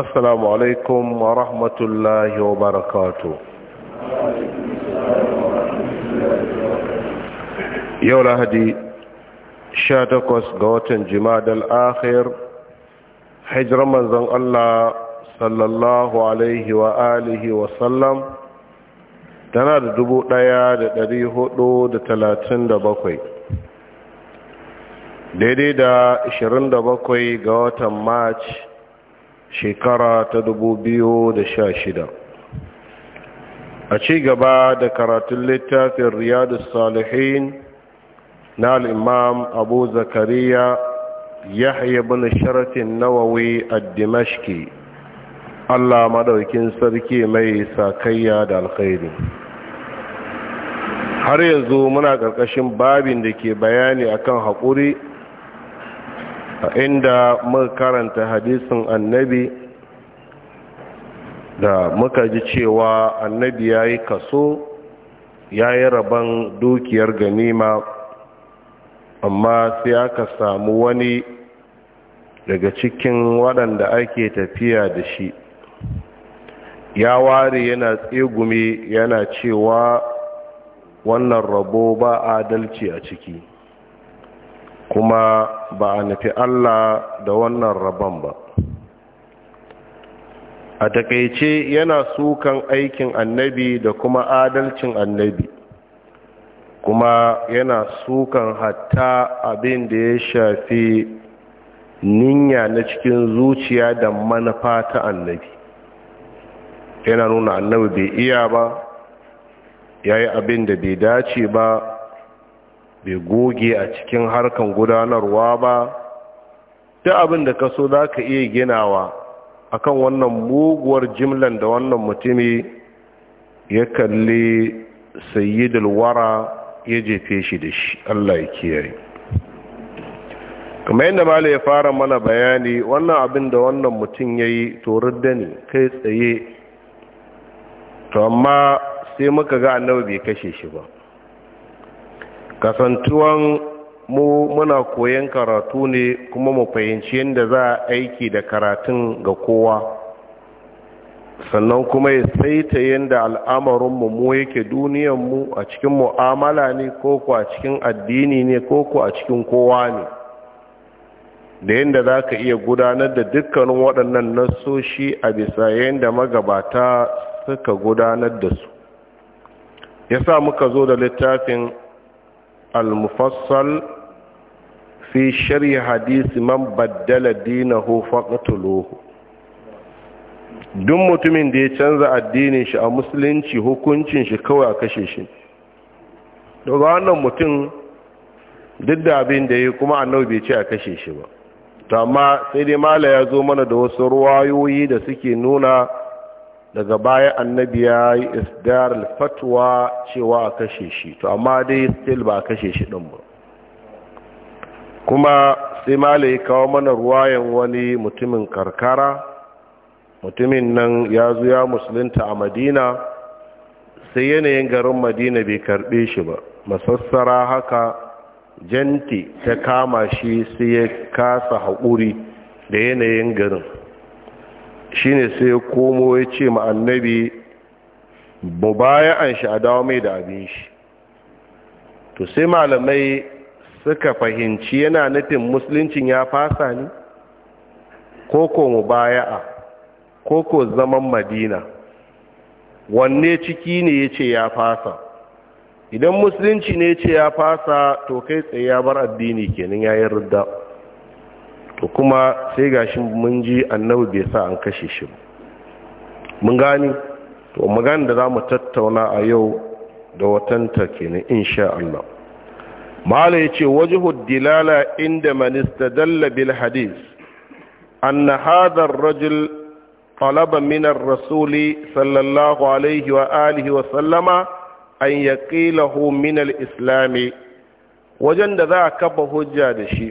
Asalamu alaikum wa rahmatullahi wa barakato. Yau Lahadi sha takwas ga watan jima'a da al'aher hijira man Allah Sallallahu alaihi wa'ai wa sallam tana da dubu ɗaya da ɗari huɗu da talatin da bakwai daidai da ashirin da bakwai ga watan Mac. shekara ta da sha shida. a ci gaba da karatun littafin riyadu salihin na al'imam abu zakariya yahya bin sharatin nawawi a dimashki allah madaukin sarki mai sakayya da alkhairi har yanzu muna ƙarƙashin babin da ke bayani akan haƙuri inda muka karanta hadisin annabi da muka ji cewa annabi ya yi kaso ya yi rabon dukiyar ganima amma sai aka samu wani daga cikin waɗanda ake tafiya da shi ya ware yana tsegumi yana cewa wannan rabo ba adalci a ciki kuma ba a nufi Allah da wannan rabon ba a takaice yana sukan aikin annabi da kuma adalcin annabi kuma yana sukan hatta abin da ya shafi ninya na cikin zuciya da manufa ta annabi yana nuna annabi bai iya ba ya yi abin da bai dace ba bai goge a cikin harkan gudanarwa ba ta abin da ka so za ka iya ginawa akan wannan muguwar jimlan da wannan mutumi ya kalli sayyidul wara ya jefe shi da shi Allah ya kiyaye kamar yadda malai ya fara mana bayani wannan abin da wannan mutum ya yi torar da ni kai tsaye to amma sai muka ga annabi bai kashe shi ba kasantuwan mu muna koyon karatu ne kuma mu fahimci yadda za a aiki da karatun ga kowa sannan kuma ya saita yadda al'amarinmu mu yake duniyanmu a cikin mu'amala ne ko ku a cikin addini ne ko ku a cikin kowa ne da yadda za ka iya gudanar da dukkanin waɗannan nasoshi a bisa yadda magabata suka gudanar da su ya sa muka zo da littafin al fi shari hadisi man baddala dinahu duk mutumin da ya canza addinin shi a musulunci hukuncin shi kawai a kashe shi daga wannan mutum duk da abin da ya kuma annabi bai ce a kashe shi ba to amma sai dai mala ya zo mana da wasu ruwayoyi da suke nuna daga baya annabi ya yi isdar fatwa cewa a kashe shi to amma dai still ba a kashe shi ɗin ba kuma sai mala ya kawo mana ruwayan wani mutumin karkara mutumin nan ya zuya ya musulunta a madina sai yanayin garin madina bai karbe shi ba masassara haka janti ta kama shi sai ya kasa haƙuri da yanayin garin Shi ne sai komo ya ce ma annabi bu baya an shi a dawo mai da abin shi to sai malamai suka fahimci yana nufin musuluncin ya fasa ne koko mu baya ko koko zaman madina wanne ciki ne ya ce ya fasa idan musulunci ne ya ce ya fasa to kai tsaye ya bar addini kenan ya yi to kuma sai gashi mun ji annabi bai sa an kashe shi mun gani to magana da za mu tattauna a yau da watanta kenan insha Allah mala yace wajhud dilala inda man istadalla bil hadith anna hadha ar-rajul talaba min ar-rasul sallallahu alayhi wa alihi wa sallama an yaqilahu min al-islam wajen da za a kafa hujja da shi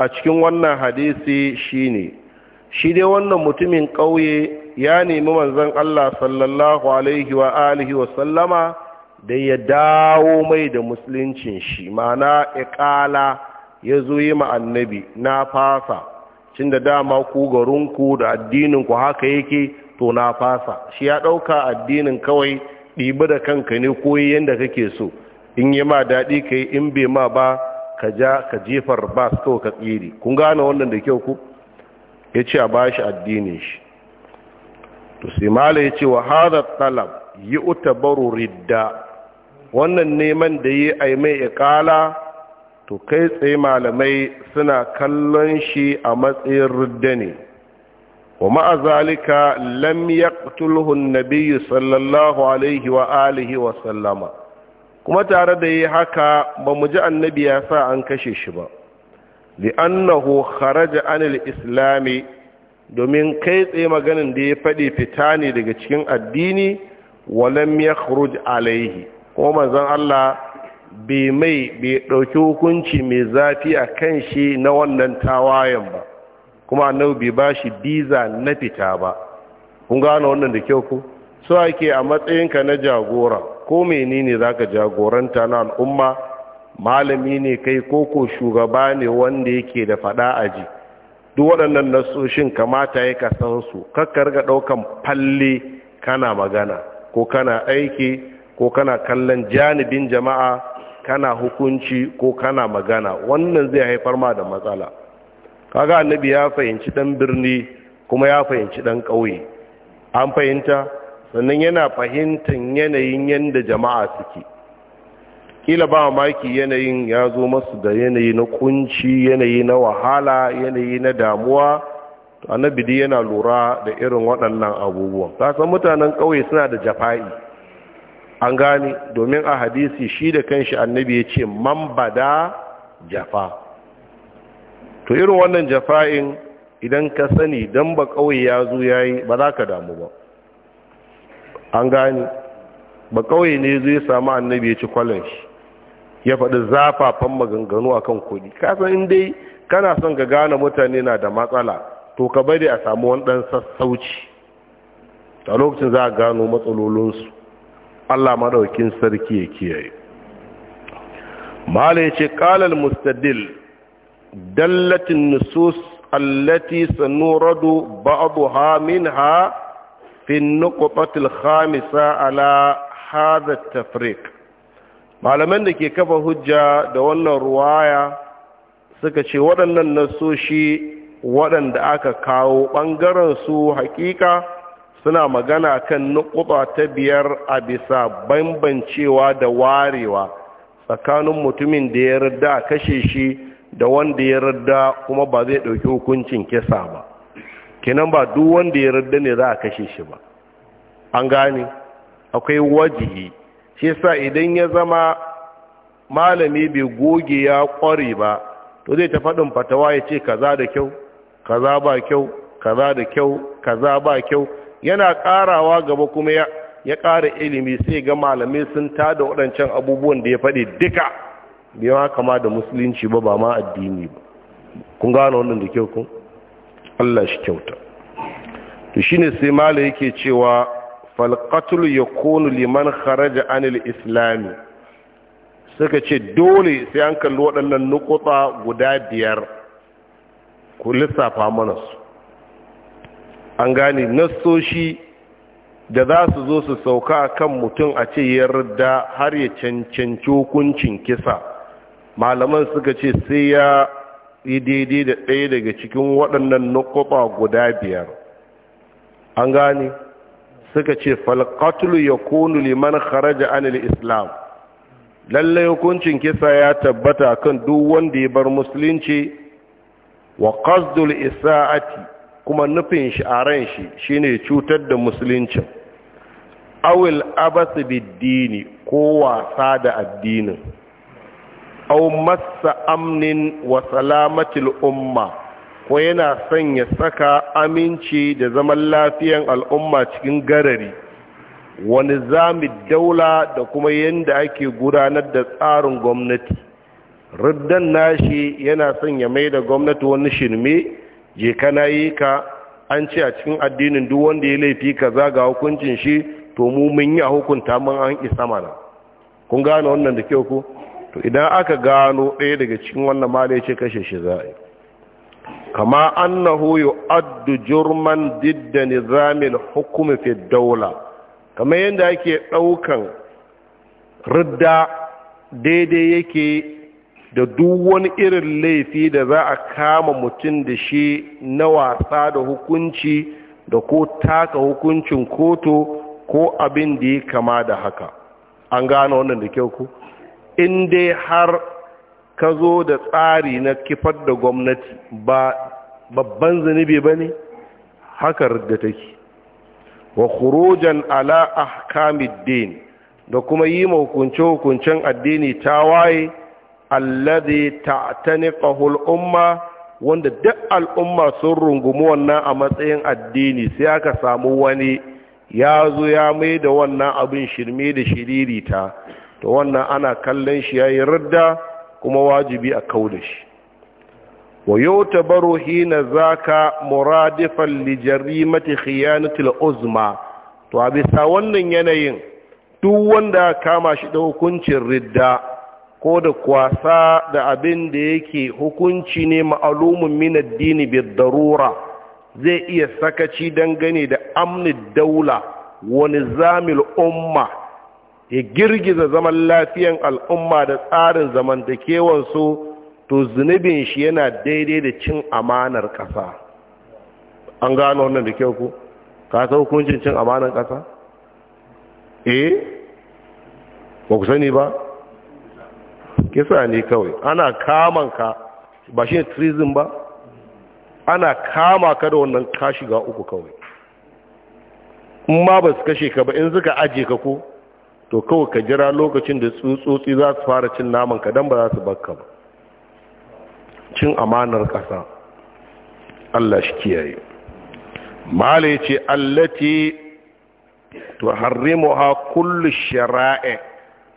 a cikin wannan hadisi shine shi dai wannan mutumin ƙauye ya nemi manzon Allah sallallahu alaihi wa alihi wa sallama da ya dawo mai da musuluncin shi mana iƙala ya zo yi ma annabi na fasa cin da dama ku garinku da addininku haka yake to na fasa shi ya ɗauka addinin kawai ɗibi da kanka ne koyi yadda kake so in yi ma daɗi ka yi in bai ma ba ka ja ka jefar bas kawai ka tsiri kun gane wannan da kyau ku ya ce a ba shi addinin shi to sai mala ya ce wa hada talab yi baro ridda wannan neman da yi a mai ikala to kai tsaye malamai suna kallon shi a matsayin ridda ne wa ma'azalika lam ya ƙutulhun nabi sallallahu alaihi wa alihi wa sallama kuma tare da yi haka ba mu ji annabi ya sa an kashe shi ba li'annahu kharaja anil islami domin kai tsaye maganin da ya faɗi fita ne daga cikin addini walam ya Alayhi. alaihi kuma manzon Allah bai mai bai ɗauki hukunci mai zafi a kan shi na wannan tawayen ba kuma annabi bai ba shi biza na fita ba kun gano wannan da kyau ku so ake a matsayinka na jagora ko menene zaka jagoranta na al'umma malami ne kai koko shugaba ne wanda yake da fada ji duk waɗannan nasoshin kamata ya kasan su kakkar ga ɗaukan falle kana magana ko kana aiki ko kana kallon janibin jama'a kana hukunci ko kana magana wannan zai haifar ma da matsala kaga annabi ya fahimci dan birni kuma ya fahimci dan ƙauye an fahimta sannan yana fahimtar yanayin yadda jama'a suke kila ba maki yanayin ya zo masu da yanayi na kunci yanayi na wahala yanayi na damuwa To annabi dai yana lura da irin waɗannan abubuwan san mutanen ƙauye suna da jafa'i an gane domin a hadisi shi da kanshi annabi ya ce man bada jafa to irin wannan jafa'in idan ka sani dan ba ƙauye ya zo yayi ba za ka damu ba an gani ba kawai ne zai samu annabi ya ci kwallon shi ya faɗi zafafan maganganu akan kuɗi kasan in dai kana son ga gane mutane na da matsala to ka bari a samu wani ɗan sassauci a lokacin za a gano matsalolinsu allah maɗaukin sarki ya kiyaye mala ya ce ƙalal mustadil dallatin nusus allati ba ba'adu ha min ha في النقطة الخامسة على هذا التفريق malaman da ke kafa hujja da wannan ruwaya suka ce waɗannan nasoshi waɗanda aka kawo ɓangaren su hakika suna magana kan nukuta ta biyar a bisa bambancewa da warewa tsakanin mutumin da ya a kashe shi da wanda ya rada kuma ba zai ɗauki hukuncin kisa ba kenan ba duk wanda ya radda ne za a kashe shi ba an gane akwai wajihi shi yasa idan ya zama malami bai goge ya kware ba to zai ta faɗin fatawa ya ce kaza da kyau kaza ba kyau kaza da kyau kaza ba kyau yana ƙarawa gaba kuma ya ya ƙara ilimi sai ga malamai sun tada waɗancan abubuwan da ya faɗi duka bai ma kama da musulunci ba ba ma addini ba kun gano wannan da kyau kun Allah shi kyauta to shine sai mala yake cewa fal qatl yakunu liman kharaja anil islami suka ce dole sai an kalli waɗannan nukuta guda biyar ku lissafa mana su an gane nassoshi da za su zo su sauka kan mutum a ce yarda har ya cancanci hukuncin kisa malaman suka ce sai ya daidai da ɗaya daga cikin waɗannan nukuta guda biyar an gane suka ce falƙatul ya kunu liman kharaja anil islam lallai hukuncin kisa ya tabbata kan duk wanda ya bar musulunci wa qasdul isa'ati kuma nufin shi a ran shi shine cutar da musulunci awil abas biddini ko wasa da addinin au massa amnin wa salamatil umma ko yana son ya saka aminci da zaman lafiyan al'umma cikin garari wani zami daula da kuma yadda ake gudanar da tsarin gwamnati riddan nashi yana son ya mai da gwamnati wani shirme je kana yi ka an ce a cikin addinin duk wanda ya laifi ka ga hukuncin shi to mu mun yi a hukunta mun an isa mana kun gane wannan da kyau ku to idan aka gano ɗaya daga cikin wannan mali ce kashe shi za'i kama annahu yu'addu jurman didda nizamin hukumi fi daula kamar yadda ake ɗaukan ridda daidai yake da duk wani irin laifi da za a kama mutum da shi na wasa da hukunci da ko taka hukuncin koto ko abin da ya kama da haka an gano wannan da kyau ku in dai har ka zo da tsari na kifar da gwamnati ba babban zunubi ba ne haka da take wa khurujan ala ahkamiddin da kuma yi ma hukunce-hukuncen addini ta waye allazi ta'taniqahu al-umma wanda duk al'umma sun rungumi wannan a matsayin addini sai aka samu wani ya zo ya mai da wannan abin shirme da shiririta to wannan ana kallon shi ya yi radda kuma wajibi a kaula shi wa baro hina zaka muradifan lijari jarimati khiyanatil uzma to a bisa wannan yanayin duk wanda kama shi da hukuncin ridda ko da kwasa da abin da yake hukunci ne ma'alumin min bi darura zai iya sakaci dangane da amni daula wani zamil umma ya girgiza zaman lafiyan al'umma da tsarin zamantakewansu to zunubin shi yana daidai da cin amanar ƙasa an gano wannan da kyau ku kasa hukuncin cin amanar ƙasa eh ba ku sani ba kisa ne kawai ana kama ka ba shi treason ba ana kama ka da wannan ka shiga uku kawai in ma ba su kashe ka ba in suka aje ka ko to kawai ka jira lokacin da tsutsotsi za su fara cin naman ka don ba za su bakka ba cin amanar ƙasa Allah shi kiyaye mala ce allati ha kullu shara'i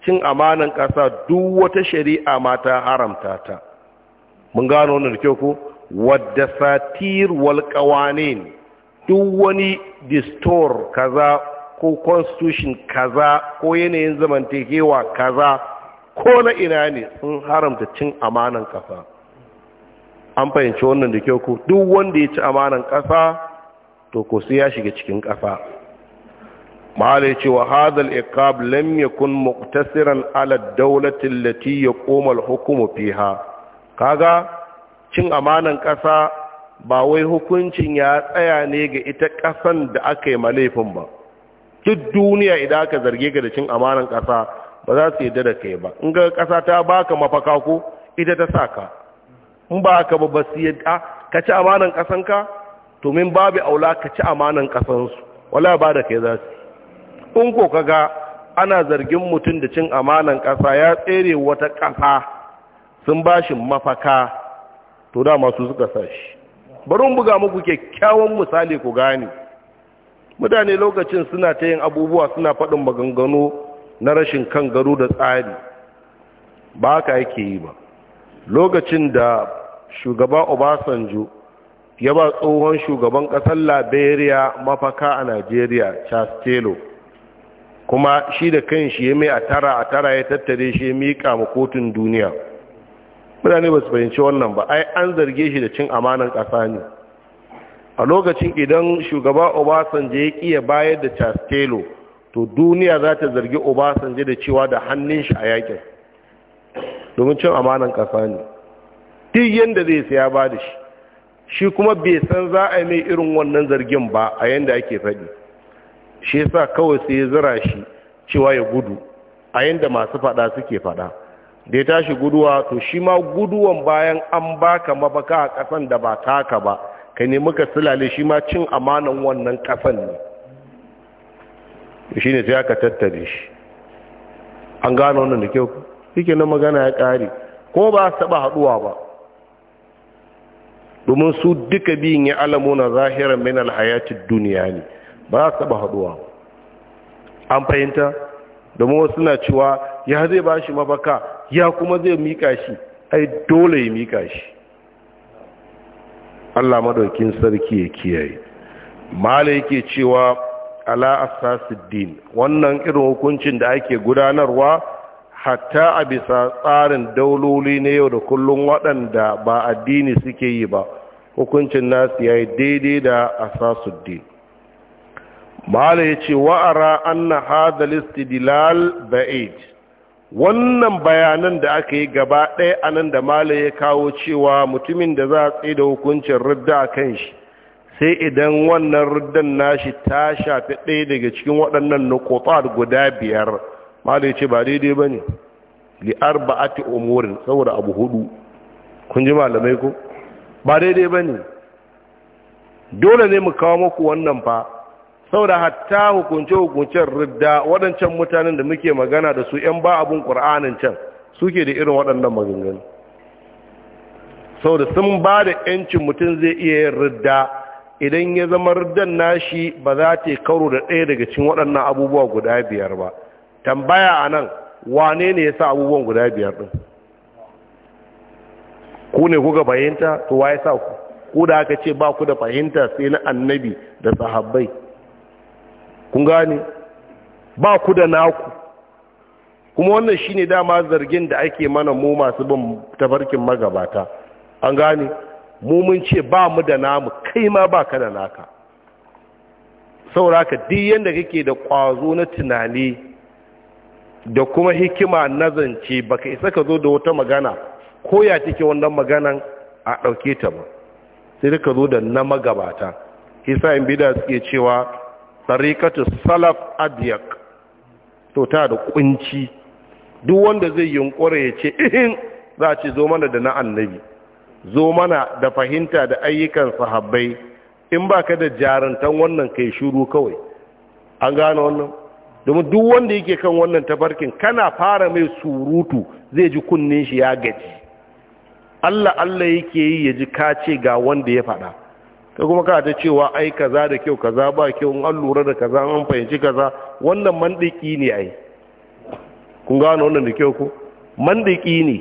cin amanan ƙasa duk wata shari'a mata haramta ta mun gano wannan da kyau ko wadda satir wal qawanin duk wani distor kaza ko constitution kaza ko yanayin zamantakewa kaza ko na ina ne sun haramta cin amanan kasa an fahimci wannan da kyau ko duk wanda ya ci amanan kasa to ko sai ya shiga cikin kasa mahala ya ce wa hadal iqab lam yakun muqtasiran ala dawlati allati al fiha kaga cin amanan kasa ba wai hukuncin ya tsaya ne ga ita kasan da aka yi malefin ba duk duniya idan aka zarge ka da cin amanan ƙasa ba za su yadda da kai ba in ga ƙasa ta baka mafaka ko ita ta saka in ba ka ba ba yadda ka ci amanan ka to min babu aula ka ci amanan ƙasansu wala ba da kai za su in ko ka ga ana zargin mutum da cin amanan ƙasa ya tsere wata ƙasa sun ba shi mafaka to da masu suka sa shi bari buga muku kyakkyawan misali ku gane mutane lokacin suna ta yin abubuwa suna faɗin maganganu na rashin kan garu da tsari ba haka yake yi ba lokacin da shugaba obasanjo ya ba tsohon shugaban ƙasar liberia mafaka a nigeria charles kuma shi da kan shi ya mai a tara a tara ya tattare shi ya miƙa ma kotun duniya mutane ba su fahimci wannan ba ai an zarge shi da cin amanan ƙasa ne a lokacin idan shugaba Obasanje ya iya bayar da castello to duniya za ta zargi Obasanje da cewa da hannun shi a yakin domin cin amanan kasa ne duk yadda zai saya ba da shi shi kuma bai san za a yi mai irin wannan zargin ba a yadda ake faɗi shi yasa kawai sai ya zira shi cewa ya gudu a yadda masu faɗa suke faɗa da ya tashi guduwa to shi ma guduwan bayan an baka mafaka a ƙasan da ba taka ba kai ne muka silale shi ma cin amanan wannan kafan ne shi ne sai aka tattare shi an gano wannan da kyau Yake na magana ya ƙare ko ba su taɓa haɗuwa ba domin su duka biyun ya alamuna na zahirar min alhayatun duniya ne ba su taɓa haɗuwa an fahimta domin wasu na cewa ya zai ba shi mafaka ya kuma zai mika shi ai dole ya mika shi Allah madaukin sarki ya kiyaye mala yake cewa ala asasiddin wannan irin hukuncin da ake gudanarwa hatta a bisa tsarin dauloli na yau da kullum waɗanda ba addini suke yi ba hukuncin nasu ya yi daidai da asasuddin mala ya ce wa'ara an na hadal ba'id wannan bayanan da aka yi gaba ɗaya a nan da mala ya kawo cewa mutumin da za a tsaye da hukuncin rudda a kan shi sai idan wannan ruddan nashi ta shafi ɗaya daga cikin waɗannan nukotar guda biyar mala ya ce ba daidai ba ne li'ar ba a umurin saboda abu hudu kun ji malamai ko ba daidai ba ne dole ne mu kawo maku wannan fa saboda hatta hukunce hukuncen ridda waɗancan mutanen da muke magana da su ‘yan ba abin ƙur'anin can suke da irin waɗannan maganganu saboda sun ba da ‘yancin mutum zai iya yin ridda idan ya zama riddan nashi ba za ta yi karo da ɗaya daga cikin waɗannan abubuwa guda biyar ba tambaya a nan wane ne ya sa abubuwan guda biyar ɗin ku ne ku ga fahimta to waye sa ku ku da aka ce ba ku da fahimta sai na annabi da sahabbai kun gane ba ku da naku kuma wannan shine dama zargin da ake mana mu masu bin tafarkin magabata an gane mu mun ce ba mu da namu kai ma ba ka da naka sauraka duk yadda kake da kwazo na tunani da kuma hikima na zance baka isa ka zo da wata magana ko ya take wannan maganan a ɗauke ta ba sai ka zo da na magabata hisa in bida suke cewa Sarikatu salaf adiyak to ta da kunci duk wanda zai yunkure ya ce ihin za ce zo mana da na annabi zo mana da fahimta da ayyukan sahabbai in ba ka da jarantan wannan kai shiru kawai an gane wannan domin duk wanda yake kan wannan tafarkin kana fara mai surutu zai ji kunnen shi ya gaji Allah Allah yake yi ya ji kace ga wanda ya faɗa ka kuma ka ta cewa ai kaza da kyau kaza ba kyau in an lura da kaza an fahimci kaza wannan mandiki ne ai kun gano wannan da kyau ku mandiki ne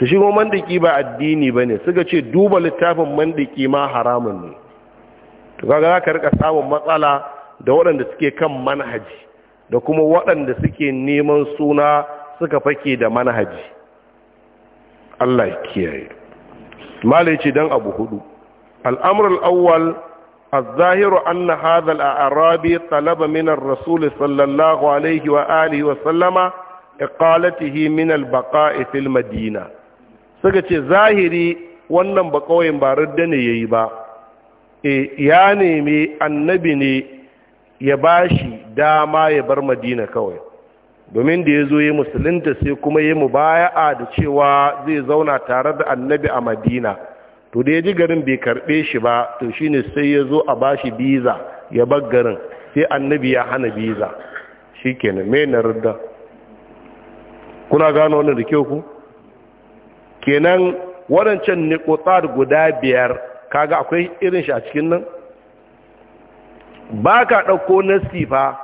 ta shi kuma mandiki ba addini ba ne suka ce duba littafin mandiki ma haramun ne to kaga za ka rika samun matsala da waɗanda suke kan manhaji da kuma waɗanda suke neman suna suka fake da manhaji Allah kiyaye malai ce dan abu hudu الأمر الأول الظاهر أن هذا الأعرابي طلب من الرسول صلى الله عليه وآله وسلم إقالته من البقاء في المدينة سكتي ظاهري wannan ba kawai ba radda ne yayi ba Eh ya nemi annabi ne ya bashi dama ya bar madina kawai domin da ya zo ya musulunta sai kuma ya mubaya'a da cewa zai zauna tare da annabi a madina to da ya ji garin bai karɓe shi ba to shine sai ya zo a bashi biza ya bar garin sai annabi ya hana biza shikenan me na rudda kuna gano wannan da kyau ku kenan waɗancan niƙutsar guda biyar kaga akwai irin shi a cikin nan ba ka ɗauko nassi fa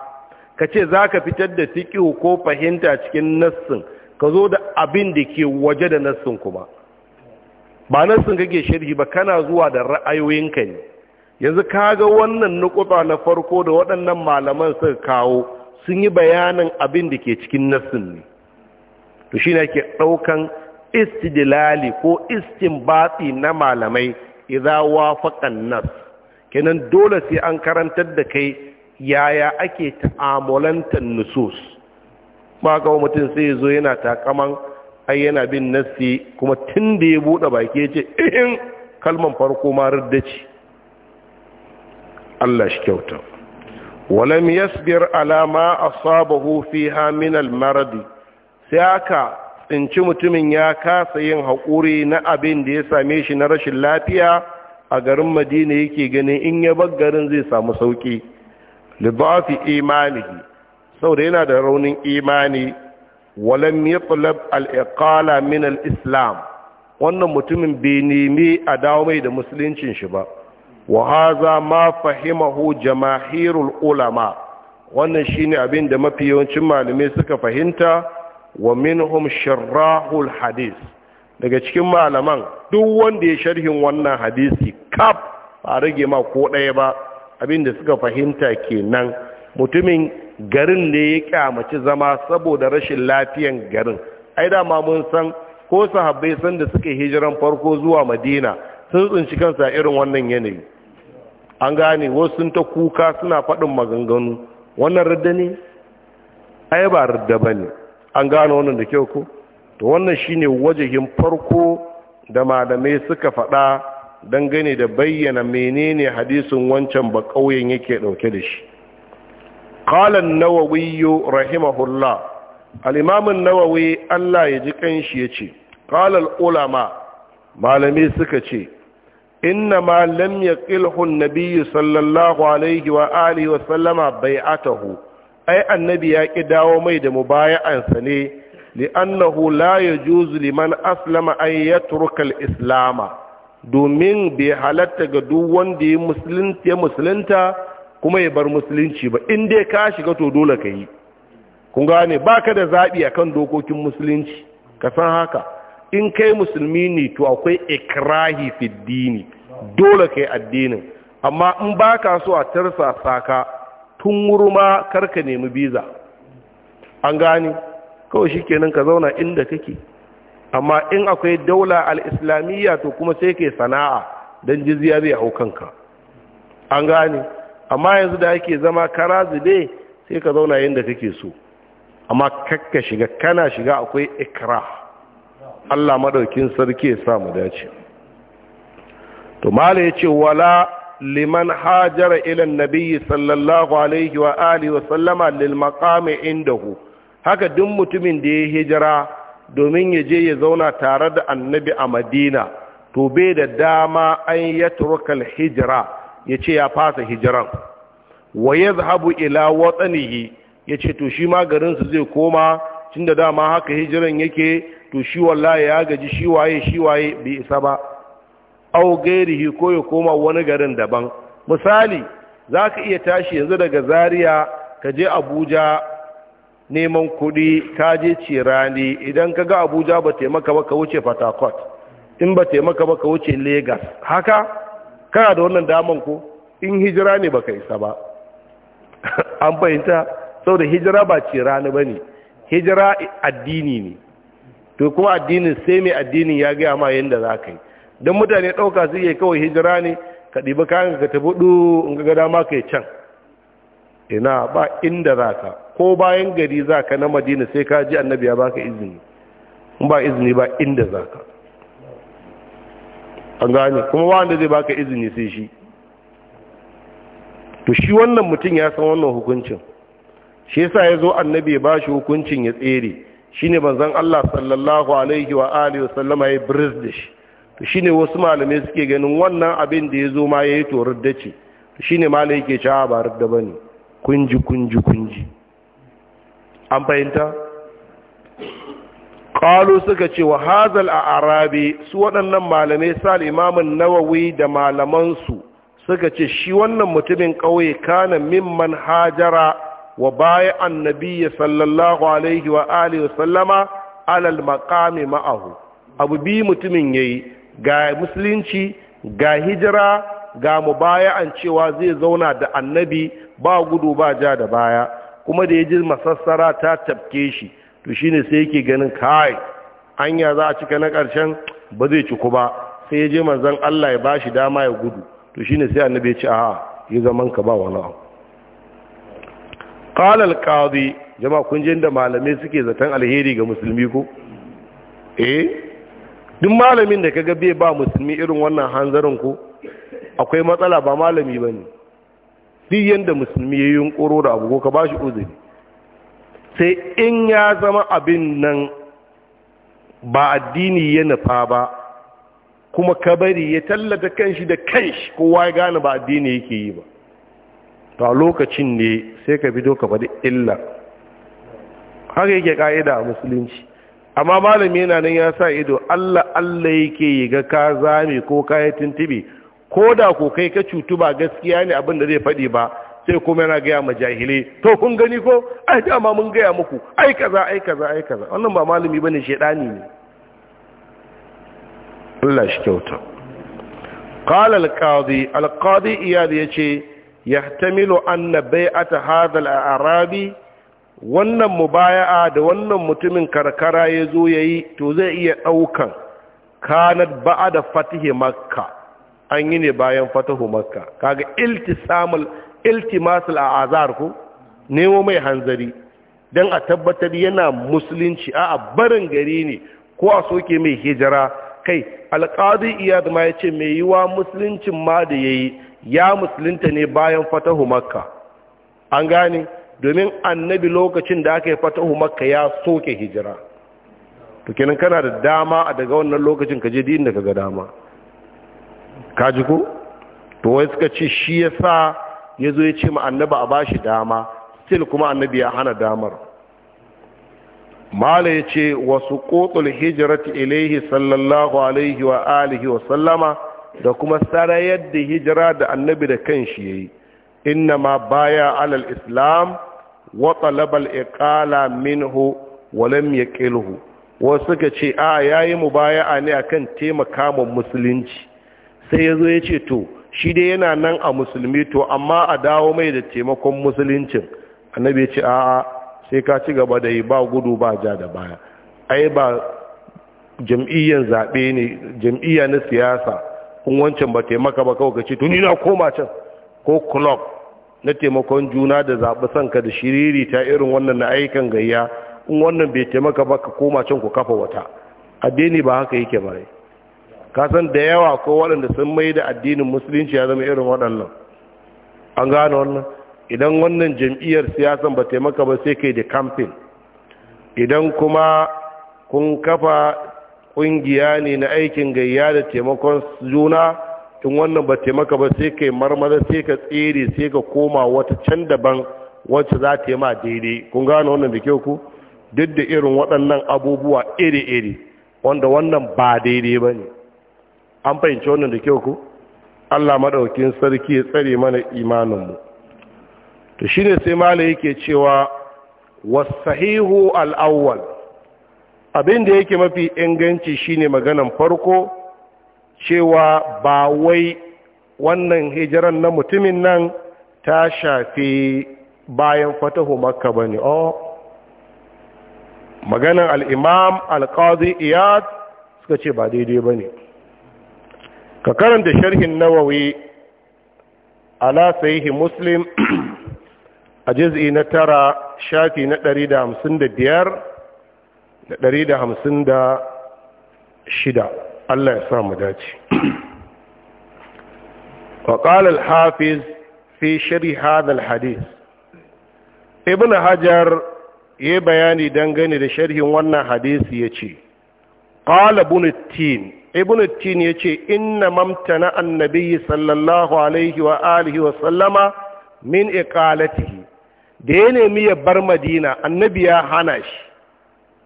ka ce za ka fitar da fiƙihu ko fahimta cikin nassin ka zo da abin da ke waje da nassin kuma ba nan sun kake shirhi ba kana zuwa da ra'ayoyinka ne yanzu ka ga wannan nukuta na farko da waɗannan malaman suka kawo sun yi bayanin abin da ke cikin nassin ne to shine yake ɗaukan istidlali ko Ist-Batsi na malamai idza wafaqan nas kenan dole sai an karantar da kai yaya ake ta'amulantar nusus ba ga mutum sai zo yana takaman ai yana bin nassi kuma tun da ya buɗe baki ya ce ihin kalman farko ma da ce Allah shi kyauta walam yasbir ala ma asabahu fiha min al maradi sai aka tsinci mutumin ya kasa yin haƙuri na abin da ya same shi na rashin lafiya a garin madina yake ganin in ya bar garin zai samu sauƙi libafi imanihi saboda yana da raunin imani walam yatlab al-iqala min al-islam wannan mutumin bai nemi a dawo mai da musuluncin shi ba wa haza ma fahimahu jamahirul ulama wannan shine abin da mafi yawancin malamai suka fahimta wa minhum sharrahul hadith daga cikin malaman duk wanda ya sharhin wannan hadisi kaf ba rage ma ko ɗaya ba abin da suka fahimta kenan mutumin garin ne ya kyamaci zama saboda rashin lafiyan garin ai dama mun san ko sahabbai san da suka hijiran farko zuwa madina sun tsinci kansa irin wannan yanayi an gane wasu sun ta kuka suna faɗin maganganu wannan radda ne ai ba radda ba ne an gane wannan da kyau ko to wannan shine wajihin farko da malamai suka faɗa dangane da bayyana menene hadisin wancan ba ƙauyen yake ɗauke da shi قال النووي رحمه الله الإمام النووي الله يجكن شيء قال العلماء malamai suka ce inna ma lam yaqilhu an-nabiy sallallahu alaihi wa alihi wa sallama bai'atahu ai annabi ya ki dawo mai da mubaya'ansa ne li'annahu la yajuzu liman aslama an yatruka al-islam domin bai halarta ga duk wanda ya musulunta kuma ya bar musulunci ba in dai ka shiga to dole ka yi kun gane baka da zaɓi a kan dokokin musulunci ka san haka in kai musulmi ne to akwai ikrahi fiddini dole ka yi addinin amma in baka so a tarsa saka tun wurma karka nemi biza an gane kawai shi kenan ka zauna inda kake amma in akwai daula alislamiyya to kuma sai ke sana'a don jizya zai hau kanka an gane amma yanzu da ake zama kara zube sai ka zauna yadda kake so amma kakka shiga kana shiga akwai ikra Allah madaukin sarki ya samu dace to mala yace wala liman hajara ila annabi sallallahu alaihi wa alihi wa sallama lil maqami indahu haka duk mutumin da ya hijira domin ya je ya zauna tare da annabi a Madina to bai da dama an yatrukal hijra ya ce ya fasa hijiran wa ya zahabu ila watsanihi ya ce to shi ma garinsu zai koma cinda da dama haka hijiran yake to shi wallahi ya gaji shi waye shi waye bai isa ba au gairihi ko ya koma wani garin daban misali za ka iya tashi yanzu daga zaria ka je abuja neman kuɗi ka je cirani idan ka ga abuja ba taimaka ba ka wuce fatakot in ba taimaka ba ka wuce Legas. haka kana da wannan daman ko in hijira ne baka isa ba an fahimta saboda hijira ba ce rani ba ne hijira addini ne to kuma addinin sai mai addinin ya gaya ma yadda za ka yi don mutane ɗauka su yi kawai hijira ne ka ɗibi kayan ka tafi ɗu in ga dama ka yi can ina ba inda za ka ko bayan gari za ka na madina sai ka ji annabi ya baka izini in ba izini ba inda za ka an gane kuma wanda zai baka izini sai shi to shi wannan mutum ya san wannan hukuncin shi yasa ya zo annabi ya bashi hukuncin ya tsere shine banzan Allah sallallahu alaihi wa alihi wa sallama ya birz da shi to shine wasu malamai suke ganin wannan abin da ya zo ma yayi to ce, to shine malai yake cewa ba rudda bane kunji kunji kunji an fahimta qalu suka ce wa hazal arabi su waɗannan malamai sal imamun nawawi da malamansu, suka ce shi wannan mutumin ƙauye kana mimman hajara wa baya annabi sallallahu alaihi wa alihi wa sallama alal maqami ma'ahu abu bi mutumin yayi ga musulunci ga hijira ga mubaya'an cewa zai zauna da annabi ba gudu ba ja da baya kuma da ya ji masassara ta tafke shi to shi ne sai yake ganin kai anya za a cika na ƙarshen ba zai ciku ba sai ya je manzan Allah ya bashi dama ya gudu to shi ne sai annabi ya ci a yi zaman ka ba wani abu ƙalal al jama kun da malamai suke zaton alheri ga musulmi ko eh duk malamin da kaga bai ba musulmi irin wannan hanzarin ko akwai matsala ba malami ba ne, duk yanda musulmi ya yi yunkuro da abu ko ka bashi uzuri sai in ya zama abin nan ba addini ya nufa ba kuma kabari ya tallata kanshi da kanshi kowa ya gane ba addini yake yi ba ta lokacin ne sai ka fito ka faɗi illa haka yake ka'ida a musulunci amma malami yana nan ya sa ido allah allah yake yi ga ka zame ko kayatin tibi ko da ko kai ka cutu ba gaskiya ne abin da zai faɗi ba sai kuma yana gaya ma jahilai to kun gani ko ai dama mun gaya muku ai kaza ai kaza ai kaza wannan ba malami bane shedani ne Allah shi kyauta qala al-qadi al-qadi iyad yace yahtamilu anna bai'ata hadha al-arabi wannan mubaya'a da wannan mutumin karkara ya zo yayi to zai iya daukan kanat ba'da fatihi makka an yi ne bayan fatahu makka kaga iltisamul iltimasul azar ko nemo mai hanzari don a tabbatar yana musulunci a barin gari ne ko a soke mai hijira kai alƙadi iyad ma ya ce mai yiwa musuluncin ma da ya yi ya musulunta ne bayan fatahu makka an gane domin annabi lokacin da aka yi fatahu makka ya soke hijira to kenan kana da dama a daga wannan lokacin ka je din da ka ga dama ka ji ko to wai suka ce shi yasa ya zo ya ce ma annabi a shi dama still kuma annabi ya hana damar mala ya ce wasu kotul hijirat ilaihi sallallahu alaihi wa alihi wa sallama da kuma sarayar da hijira da annabi da kanshi ya yi inna ma baya alal islam wa talabal iqala minhu wa lam yaqilhu wasu suka ce a yayi mubaya'a ne akan taimaka musulunci sai yazo ya ce to shi dai yana nan a musulmi to amma a dawo mai da taimakon musuluncin annabi ya ce a'a sai ka ci gaba da yi ba gudu ba ja da baya ai ba jam'iyyar zaɓe ne jam'iyya na siyasa kun wancan ba taimaka ba kawai ka to tuni na koma can ko club na taimakon juna da zaɓi sanka da shiriri ta irin wannan na aikan gayya in wannan bai taimaka ba ka koma can ku kafa wata addini ba haka yake ba kasan da yawa ko waɗanda sun mai da addinin musulunci ya zama irin waɗannan an gane wannan idan wannan jam'iyyar siyasan ba taimaka ba sai kai da kamfin idan kuma kun kafa ƙungiya ne na aikin gayya da taimakon juna in wannan ba taimaka ba sai kai marmara sai ka tsere sai ka koma wata can daban wacce za ta yi ma daidai kun gane wannan da kyau ku duk da irin waɗannan abubuwa iri-iri wanda wannan ba daidai ba ne an fahimci wannan da kyau ku Allah maɗaukin sarki ya tsare mana imaninmu to shine sai malai yake cewa wasahihu al-awwal abin da yake mafi inganci shine maganan farko cewa ba wai wannan hijiran na mutumin nan ta shafi bayan fatahu makka bane oh maganan al-imam al-qadi iyad suka ce ba daidai bane ka karanta sharhin nawawi ala sahihi muslim a juz'i na tara shafi na ɗari da hamsin da biyar da ɗari da hamsin da shida Allah ya sa mu dace وقال الحافظ في شرح هذا الحديث ابن حجر يبياني دنغني لشرح وانا حديث يتي ibn tin ya ce inna mamtana annabi sallallahu alaihi wa alihi wa sallama min iqalatihi da ya nemi ya bar madina annabi ya hana shi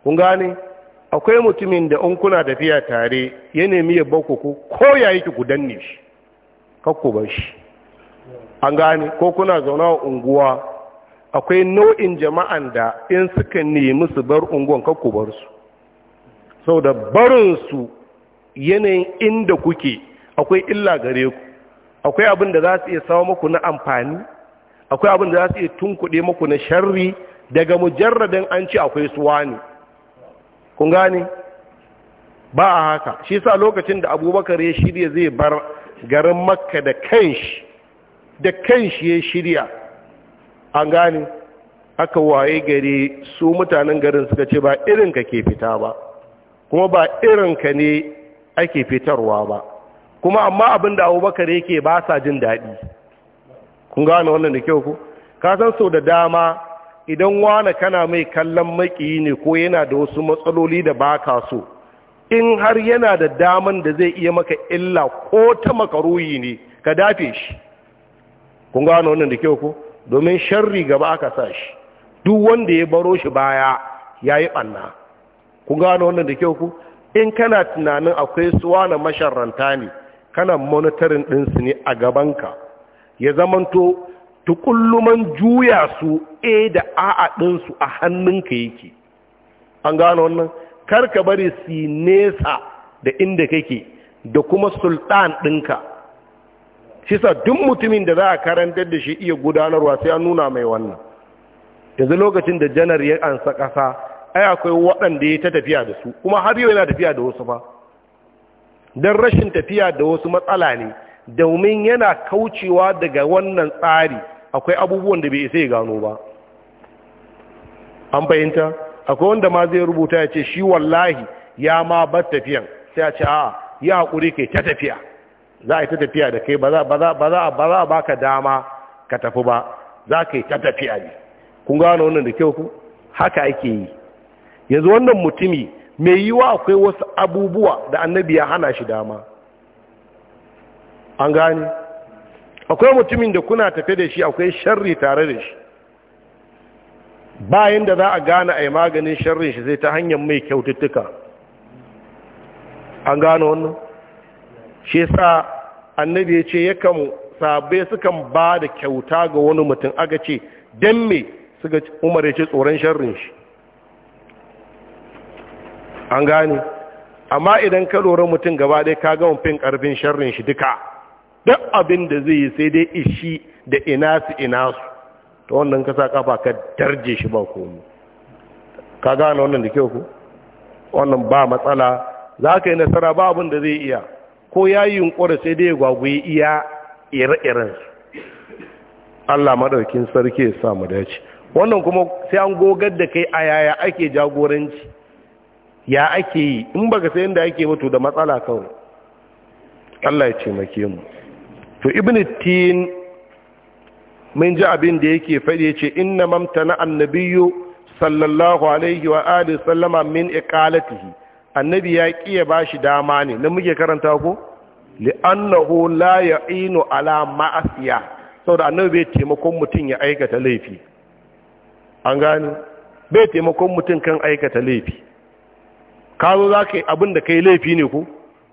kun gane akwai mutumin da in kuna tafiya tare ya nemi ya bar ku ko ya yi ku danne shi kakku bar shi an gane ko kuna zauna a unguwa akwai nau'in jama'an da in suka nemi su bar unguwan kakku bar su sau da barinsu yanayin inda kuke akwai illa gare ku akwai abin da za su iya sawa muku na amfani akwai abin da za su iya tunkuɗe maku na sharri daga mujarradin an ce akwai suwa ne kun gane ba a haka shi sa lokacin da abubakar ya shirya zai bar garin makka da kanshi da kanshi ya shirya an gane aka waye gare su mutanen garin suka ce ba irinka ke fita ba kuma ba irinka ne ake fitarwa ba kuma amma abin da abubakar yake ba sa jin daɗi kun gane wannan da kyau ku ka san sau da dama idan wani kana mai kallon maƙiyi ne ko yana da wasu matsaloli da baka ka so in har yana da daman da zai iya maka illa ko ta makaruyi ne ka dafe shi kun gano wannan da kyau ku domin sharri gaba aka sa shi duk wanda ya baro shi baya ya yi ɓanna kun gano wannan da kyau ku. in kana tunanin akwai suwa na masharranta ne kana monitorin ɗinsu ne a gabanka ya zamanto tukulluman juya su a da a ɗinsu a hannunka yake an gano wannan karka bari su nesa da inda kake da kuma sultan ɗinka shi sa duk mutumin da za a karantar da shi iya gudanarwa sai an nuna mai wannan yanzu lokacin da janar ya ansa ƙasa ai akwai waɗanda ya ta tafiya da su kuma har yau yana tafiya da wasu ba don rashin tafiya da wasu matsala ne domin yana kaucewa daga wannan tsari akwai abubuwan da bai isa ya gano ba an fahimta akwai wanda ma zai rubuta ya ce shi wallahi ya ma bar tafiyan sai a ce a ya haƙuri kai ta tafiya za a yi ta tafiya da kai ba za a baka dama ka tafi ba za ka yi ta tafiya ne kun gano wannan da kyau ku haka ake yi yanzu wannan mutumi mai yiwa akwai wasu abubuwa da annabi ya hana shi dama an gane akwai mutumin da kuna tafe da shi akwai sharri tare da shi bayan da za a gane a yi maganin sharrin shi sai ta hanyar mai kyaututtuka an gane wannan shi sa annabi ya ce yakan sabai sukan ba da kyauta ga wani mutum aka ce don me suka umar ya ce tsoron sharrin shi an gane amma idan ka lura mutum gaba dai ka ga fin ƙarfin sharrin shi duka duk abin da zai yi sai dai ishi da ina su ina su ta wannan ka sa kafa ka darje shi ba komi ka gane wannan da kyau ku wannan ba matsala za ka yi nasara ba abin da zai iya ko ya yi yunƙura sai dai gwagwai iya ire-iren su Allah maɗaukin sarki ya samu dace wannan kuma sai an gogar da kai a yaya ake jagoranci ya ake yi in baka sayan da ake wato da matsala kawai Allah ya ce make mu to ibn tin mun ji abin da yake fadi ya ce inna mamtana annabiyyu sallallahu alaihi wa alihi sallama min iqalatihi annabi ya kiya bashi dama ne nan muke karanta ko annahu la ya'inu ala ma'asiya saboda annabi bai taimakon mutum ya aikata laifi an gane bai taimakon mutum kan aikata laifi ka zo za ka yi abin da ka yi laifi ne ku?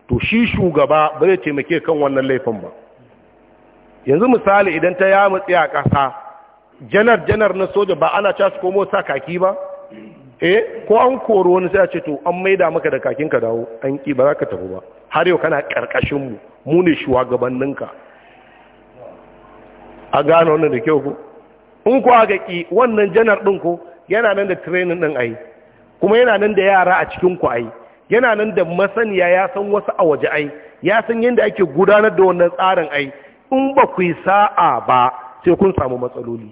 to shi shugaba ba zai taimake kan wannan laifin ba yanzu misali idan ta ya matsi a ƙasa janar-janar na soja ba ana ca komo sa kaki ba eh ko an koro wani sai a ce to an maida maka da kakin ka dawo an ki ba za ka tafi ba har yau kana ƙarƙashin mu mu ne shugabanninka a gano wannan da kyau ku. in ku aka ki wannan janar ɗin ko yana nan da training ɗin a yi kuma yana nan da yara a cikin ku ai yana nan da masaniya ya san wasu a waje ai ya san yadda ake gudanar da wannan tsarin ai in ba ku yi sa'a ba sai kun samu matsaloli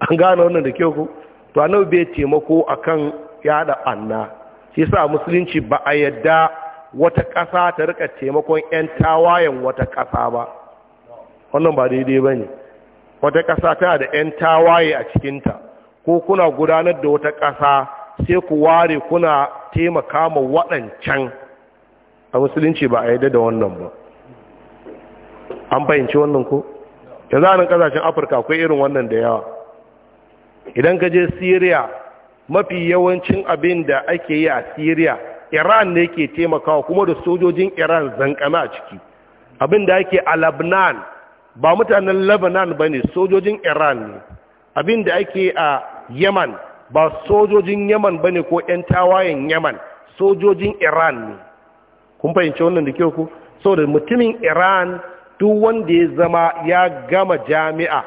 an gane wannan da kyau ku to annabi bai taimako akan yada anna shi yasa musulunci ba a yadda wata ƙasa ta rika taimakon 'yan tawayen wata ƙasa ba wannan ba daidai ba wata ƙasa tana da 'yan tawaye a cikinta ko kuna gudanar da wata ƙasa sai ku ware kuna taimaka ma waɗancan a musulunci ba a yadda da wannan ba an fahimci wannan ko Ya a nan ƙasashen afirka akwai irin wannan da yawa idan ka je syria mafi yawancin abin da ake yi a syria iran ne ke taimakawa kuma da sojojin iran zankana a ciki abin da ake a lebanon ba mutanen lebanon ba ne sojojin iran ne abin da ake a yaman ba sojojin yaman ba ne ko 'yan tawayen yaman sojojin iran ne kun fahimci wannan da kyau ku saboda mutumin iran duk wanda ya zama ya gama jami'a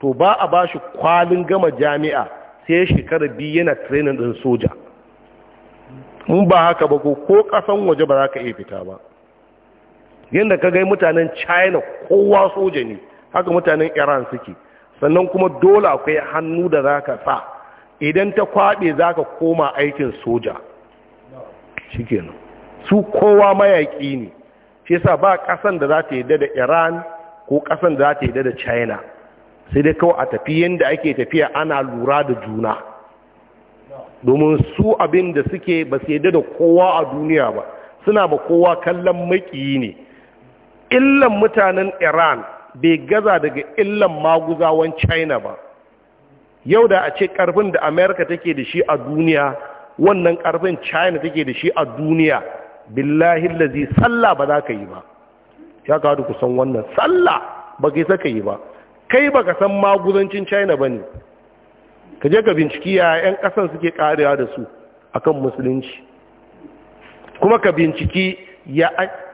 to ba a ba shi kwalin gama jami'a sai ya shekara biyu yana training ɗin soja in ba haka ba ko ko ƙasan waje ba za ka iya fita ba yadda ka gai mutanen china kowa soja ne haka mutanen iran suke sannan kuma dole akwai hannu da za ka sa idan ta kwaɓe za ka koma aikin soja shi nan su kowa mayaƙi ne shi sa ba ƙasan da za ta yi da iran ko ƙasan da za ta yi da china sai dai kawai a tafi yadda ake tafiya ana lura da juna domin su abin da suke ba su yadda da kowa a duniya ba suna ba kowa kallon maƙiyi ne illan mutanen iran bai gaza daga illan maguzawan china ba yau da a ce karfin da america take da shi a duniya wannan karfin china take da shi a duniya billahi lazi sallah ba za ka yi ba ya kawo ku san wannan sallah ba kai saka yi ba kai ba ka san maguzancin china ba ne ka je ka binciki ya 'yan ƙasan suke karewa da su kan musulunci kuma ka binciki ya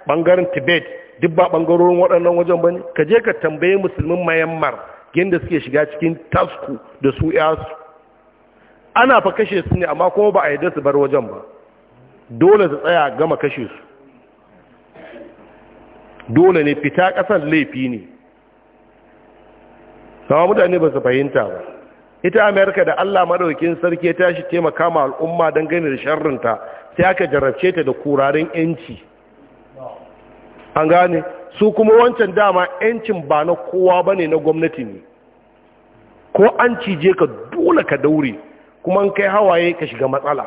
ɓangaren tibet duk ba ɓangarorin waɗannan wajen ba ne ka je ka tambaye musulmin mayammar yadda suke shiga cikin tasku da su yasu ana fa kashe su ne amma kuma ba a yadda su bar wajen ba dole su tsaya gama kashe su dole ne fita kasar laifi ne sama mutane ba su fahimta ba ita amerika da allah maɗaukin sarki ya tashi taimaka ma al'umma don gani da sharrinta sai aka jarabce ta da kurarin yanci an gane su kuma wancan dama 'yancin ba na kowa ba ne na gwamnati ne ko an cije ka dole ka daure kuma an kai hawaye ka shiga matsala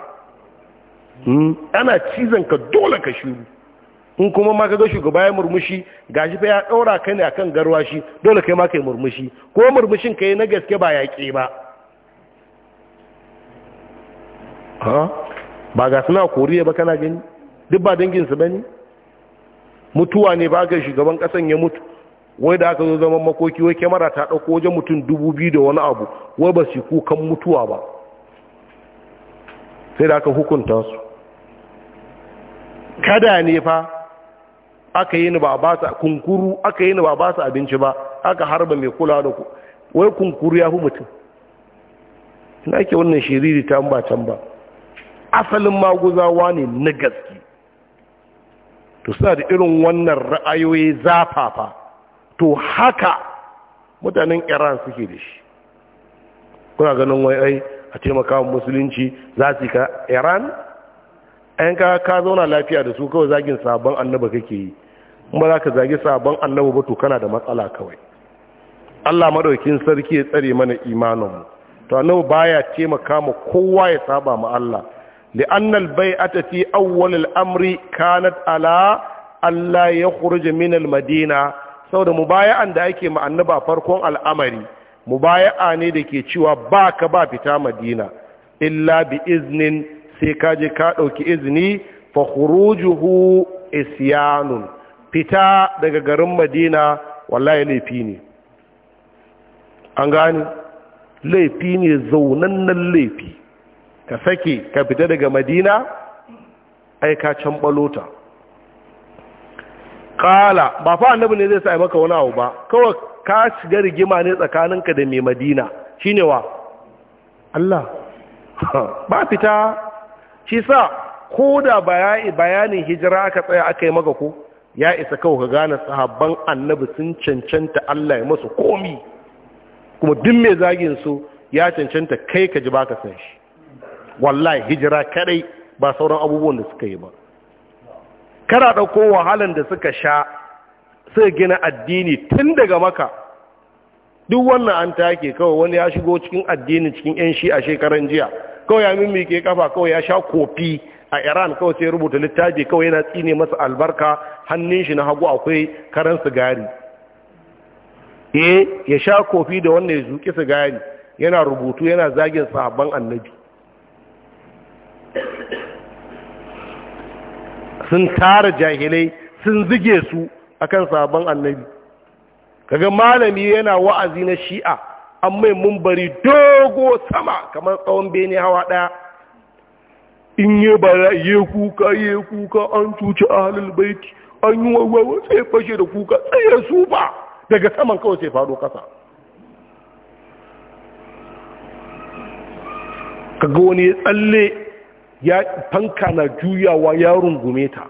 hmm? ana cizon ka dole ka shuru in kuma ma kaga shugaba ya murmushi gashi fa ya ɗaura kai ne akan garwashi dole kai ma kai murmushi ko murmushin ka yi na gaske ba yaƙe ba ba ga suna koriya ba kana gani duk ba dangin su ne mutuwa ne ba ga shugaban kasan ya mutu wai da aka zo zaman makoki wai kyamara ta ɗauko wajen mutum dubu biyu da wani abu wai ba su kukan mutuwa ba sai da aka hukunta su kada ne fa aka yi ni ba ba su kunkuru aka yi ni ba ba su abinci ba aka harba mai kula da ku wai kunkuru ya fi mutum ina ke wannan shiriri ta ba can ba asalin maguzawa ne na gaske to suna da irin wannan ra'ayoyi zafafa to haka mutanen iran suke da shi kuna ganin wai ai a taimaka musulunci za su ka iran ayan ka ka zauna lafiya da su kawai zagin sabon annaba kake yi kuma za ka zagi sabon annaba ba to kana da matsala kawai allah madaukin sarki ya tsare mana imaninmu to annaba baya taimaka ma kowa ya saba ma allah لأن البيعة في أول الأمر كانت على Allah يخرج من المدينة saboda mubaya'an da ake ma annaba farkon al'amari mubaya'a ne da ke cewa ba ka ba fita madina illa bi iznin sai ka je ka ɗauki izini fa khurujuhu isyanun fita daga garin madina wallahi laifi ne an gani laifi ne zaunannen laifi ka sake ka fita daga madina ai can balota kala ba fa annabi ne zai sa maka wani abu ba kawai ka shiga rigima ne tsakaninka da mai madina shine wa Allah ba fita shi sa ko da bayanin hijira aka tsaya aka yi maka ko ya isa kawai ka gane sahabban annabi sun cancanta Allah ya masu komi kuma duk mai zagin su ya cancanta kai ka ji baka san shi wallahi hijira kadai ba sauran abubuwan da suka yi ba kara ɗauko wahalan da suka sha suka gina addini tun daga maka duk wannan an take kawai wani ya shigo cikin addinin cikin 'yan shi a shekaran jiya kawai ya mimike kafa kawai ya sha kofi a iran kawai sai rubuta littafi kawai yana tsine masa albarka hannun shi na hagu akwai karan sigari eh ya sha kofi da wannan ya zuki sigari yana rubutu yana zagin sahabban annabi sun tara jahilai sun zige su akan sabon annabi kaga malami yana wa'azi na shi'a an mai bari dogo sama kamar tsawon bene hawa ɗaya in yi bara yi kuka yi kuka an cuci ahalul baiti an yi wawawa sai fashe da kuka tsaye su ba daga saman kawai sai faɗo kasa kaga wani ya tsalle ya fanka na juyawa ya rungume ta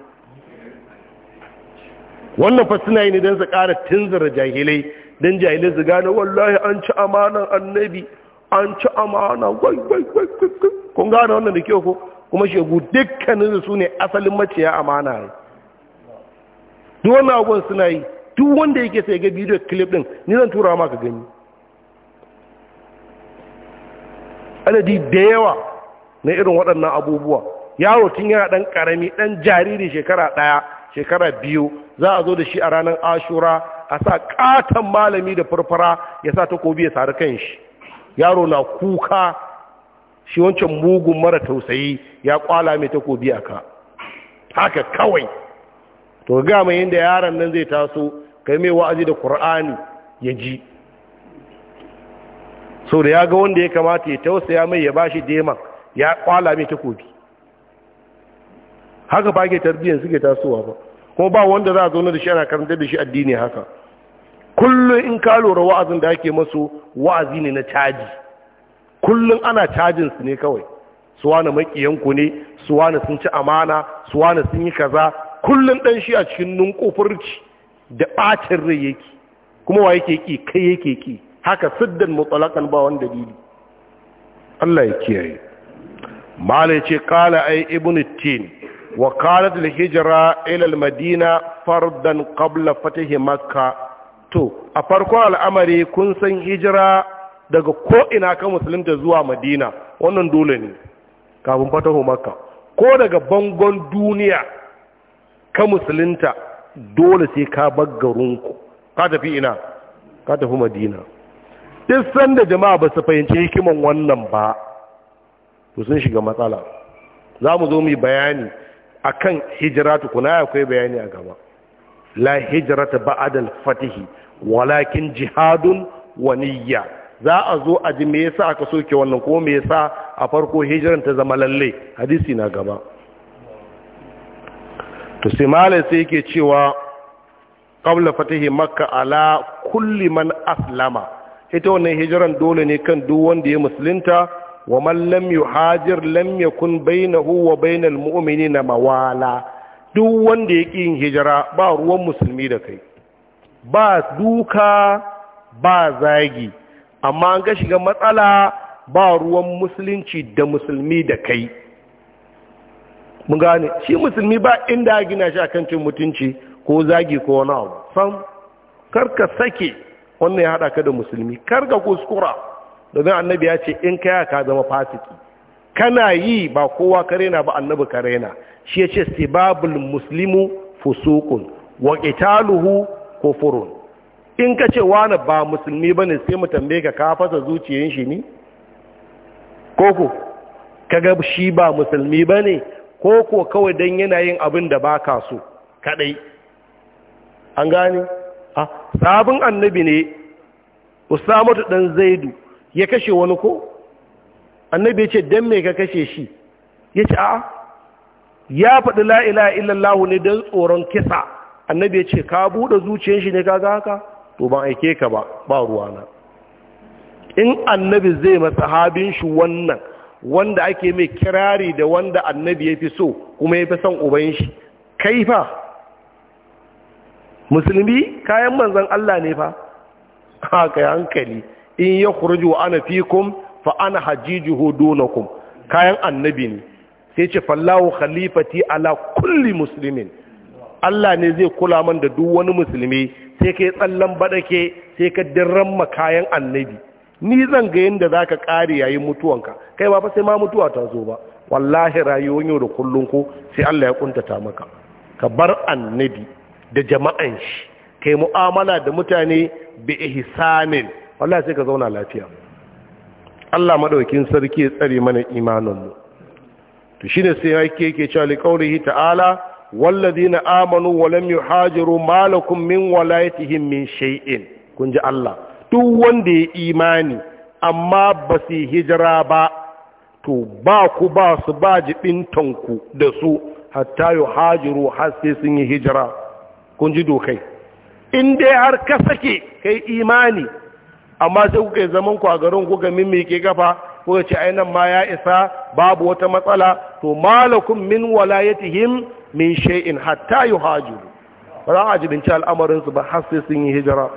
wannan fa suna yi ne don su ƙara tunzura jahilai don jahilai su gane wallahi an ci amanan annabi an ci amana gwai gwai gwai kun gane wannan da kyau ko kuma shegu dukkanin su ne asalin maciya amana ne duk wannan abubuwan suna yi duk wanda yake sai ga bidiyo clip din ni zan tura maka gani adadi da yawa na irin waɗannan abubuwa yaro tun yana ɗan ƙarami ɗan jariri shekara ɗaya shekara biyu za a zo da shi a ranar ashura a sa ƙaton malami da farfara ya sa takobi ya sari kan shi yaro na kuka shi wancan mugun mara tausayi ya kwala mai takobi a ka haka kawai to ga mai yadda yaron nan zai taso kai mai wa'azi da Kur'ani ya ji so da ya ga wanda ya kamata ya tausaya mai ya ba shi demak ya kwala mai takobi haka ba ke tarbiyyar suke tasowa ba kuma ba wanda za a zaune da shi ana karanta da shi addini haka kullum in ka lura wa'azin da ake masu wa'azi ne na caji kullum ana cajin su ne kawai suwana makiyanku ne suwana sun ci amana suwana sun yi kaza kullum dan shi a cikin nunkufurci da bacin rai yake kuma wa yake ki kai yake ki haka siddan mutsalakan ba wanda dili Allah ya kiyaye mala ce kala ai ibn tin wa qalat al hijra ila al madina fardan qabla fatihi makka to a farkon al'amari kun san hijira daga ko ina kan musulunta zuwa madina wannan dole ne kafin fatahu makka ko daga bangon duniya ka musulunta dole sai ka bar garinku ka tafi ina ka tafi madina duk sanda jama'a ba su fahimci hikiman wannan ba to sun shiga matsala za mu zo mu bayani a kan hijira tukuna akwai bayani a gaba la hijirata ba'da fatih walakin jihadun Waniyya. za a zo a ji me yasa aka soke wannan ko me yasa a farko hijiran ta zama lalle hadisi na gaba to sai malai sai yake cewa qabla fatihi makka ala kulli man aslama ita wannan hijiran dole ne kan duk wanda ya musulunta wa man lam yuhajir lam yakun bainahu wa bainal mu'minina mawala duk wanda yake yin hijira ba ruwan musulmi da kai ba duka ba zagi amma an ga shiga matsala ba ruwan musulunci da musulmi da kai mun gane shi musulmi ba inda gina shi akan cin mutunci ko zagi ko wani abu sam karka sake wannan ya haɗa ka da musulmi karka kuskura domin annabi ya ce in kaya ka zama fasiki kana yi ba kowa karena ba annabi karena shi ya ce sibabul muslimu fusukun wa italuhu kufurun in ka ce wani ba musulmi bane sai mu tambaye ka ka fasa zuciyar shi ne koko ga shi ba musulmi bane koko kawai don yana yin abin da baka so kadai an gane ah, sabon annabi ne usamatu dan zaidu ya kashe wani ko annabi ya ce don me ka kashe shi ya ce a'a ya faɗi la'ila illallahu ne don tsoron kisa annabi ya ce ka buɗe zuciyar shi ne kaga haka to ban aike ka ba ba ruwana in annabi zai masa habin shi wannan wanda ake mai kirari da wanda annabi ya fi so kuma ya fi son uban shi kai fa musulmi kayan manzan Allah ne fa haka hankali in ya wa ana fikum fa ana hajjijuhu dunakum kayan annabi ne sai ce fallahu khalifati ala kulli muslimin Allah ne zai kula man da duk wani musulmi sai kai tsallan badake sai ka dirran kayan annabi ni zan ga yanda ka kare yayin mutuwanka kai ba fa sai ma mutuwa ta zo ba wallahi rayuwar yau da kullun ko sai Allah ya kuntata maka ka bar annabi da jama'an shi kai mu'amala da mutane bi ihsanin wallahi sai ka zauna lafiya Allah madaukin sarki ya tsare mana imaninmu to shine sai yake yake cewa liqaulihi ta'ala walladhina amanu wa lam yuhajiru malakum min walayatihim min shay'in kun ji Allah duk wanda ya imani amma ba su hijira ba to ba ku ba su ba jibintanku da su hatta yi hajiru har sai sun yi hijira kun ji dokai in dai har ka sake kai imani amma sai kuka yi zaman ku a garin kuka mimmike kafa kuka ce ai ma ya isa babu wata matsala to malakum min walayatihim min shay'in hatta yuhajiru ba za a jibinci al'amarin su ba har sai sun yi hijira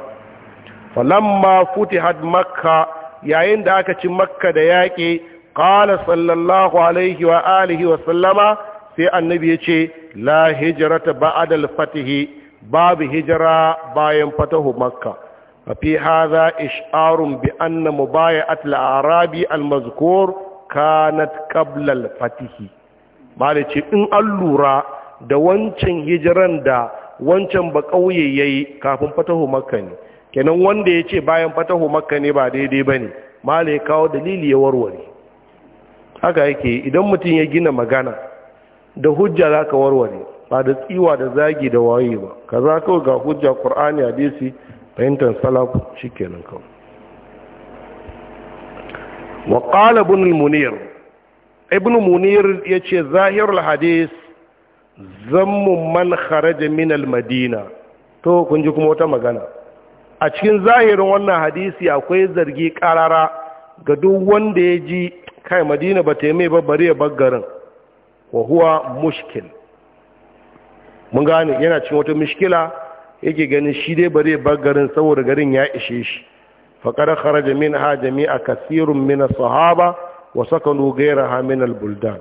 falamma futihat makka yayin da aka ci makka da yaƙi qala sallallahu alaihi wa alihi wa sallama sai annabi ya ce la hijrata ba'da al-fatih babu hijira bayan fatahu makka ففي هذا إشعار بأن مبايعة الأعرابي المذكور كانت قبل الفتح مالك إن اللورا da wancan hijiran da wancan ba ƙauye ya yi kafin fatahu makka ne kenan wanda ya ce bayan fatahu makka ne ba daidai ba ne mala ya kawo dalili ya warware haka yake idan mutum ya gina magana da hujja za ka warware ba da tsiwa da zagi da waye ba ka za kawai ga hujja ƙur'ani hadisi fahimtar salaf shi kenan kawai wa ƙala ibn munir ibn munir ya ce al hadis zammu man kharaja min al-madina to kun ji kuma wata magana a cikin zahirin wannan hadisi akwai zargi karara ga duk wanda ya ji kai madina ba ta yi mai babbare ya baggarin wa huwa mushkil mun gane yana cikin wata mushkila yake ganin shi dai bare bar garin saboda garin ya ishe shi faƙar kharaja min ha jami'a kasirun min sahaba wa sakanu ghayraha min al-buldan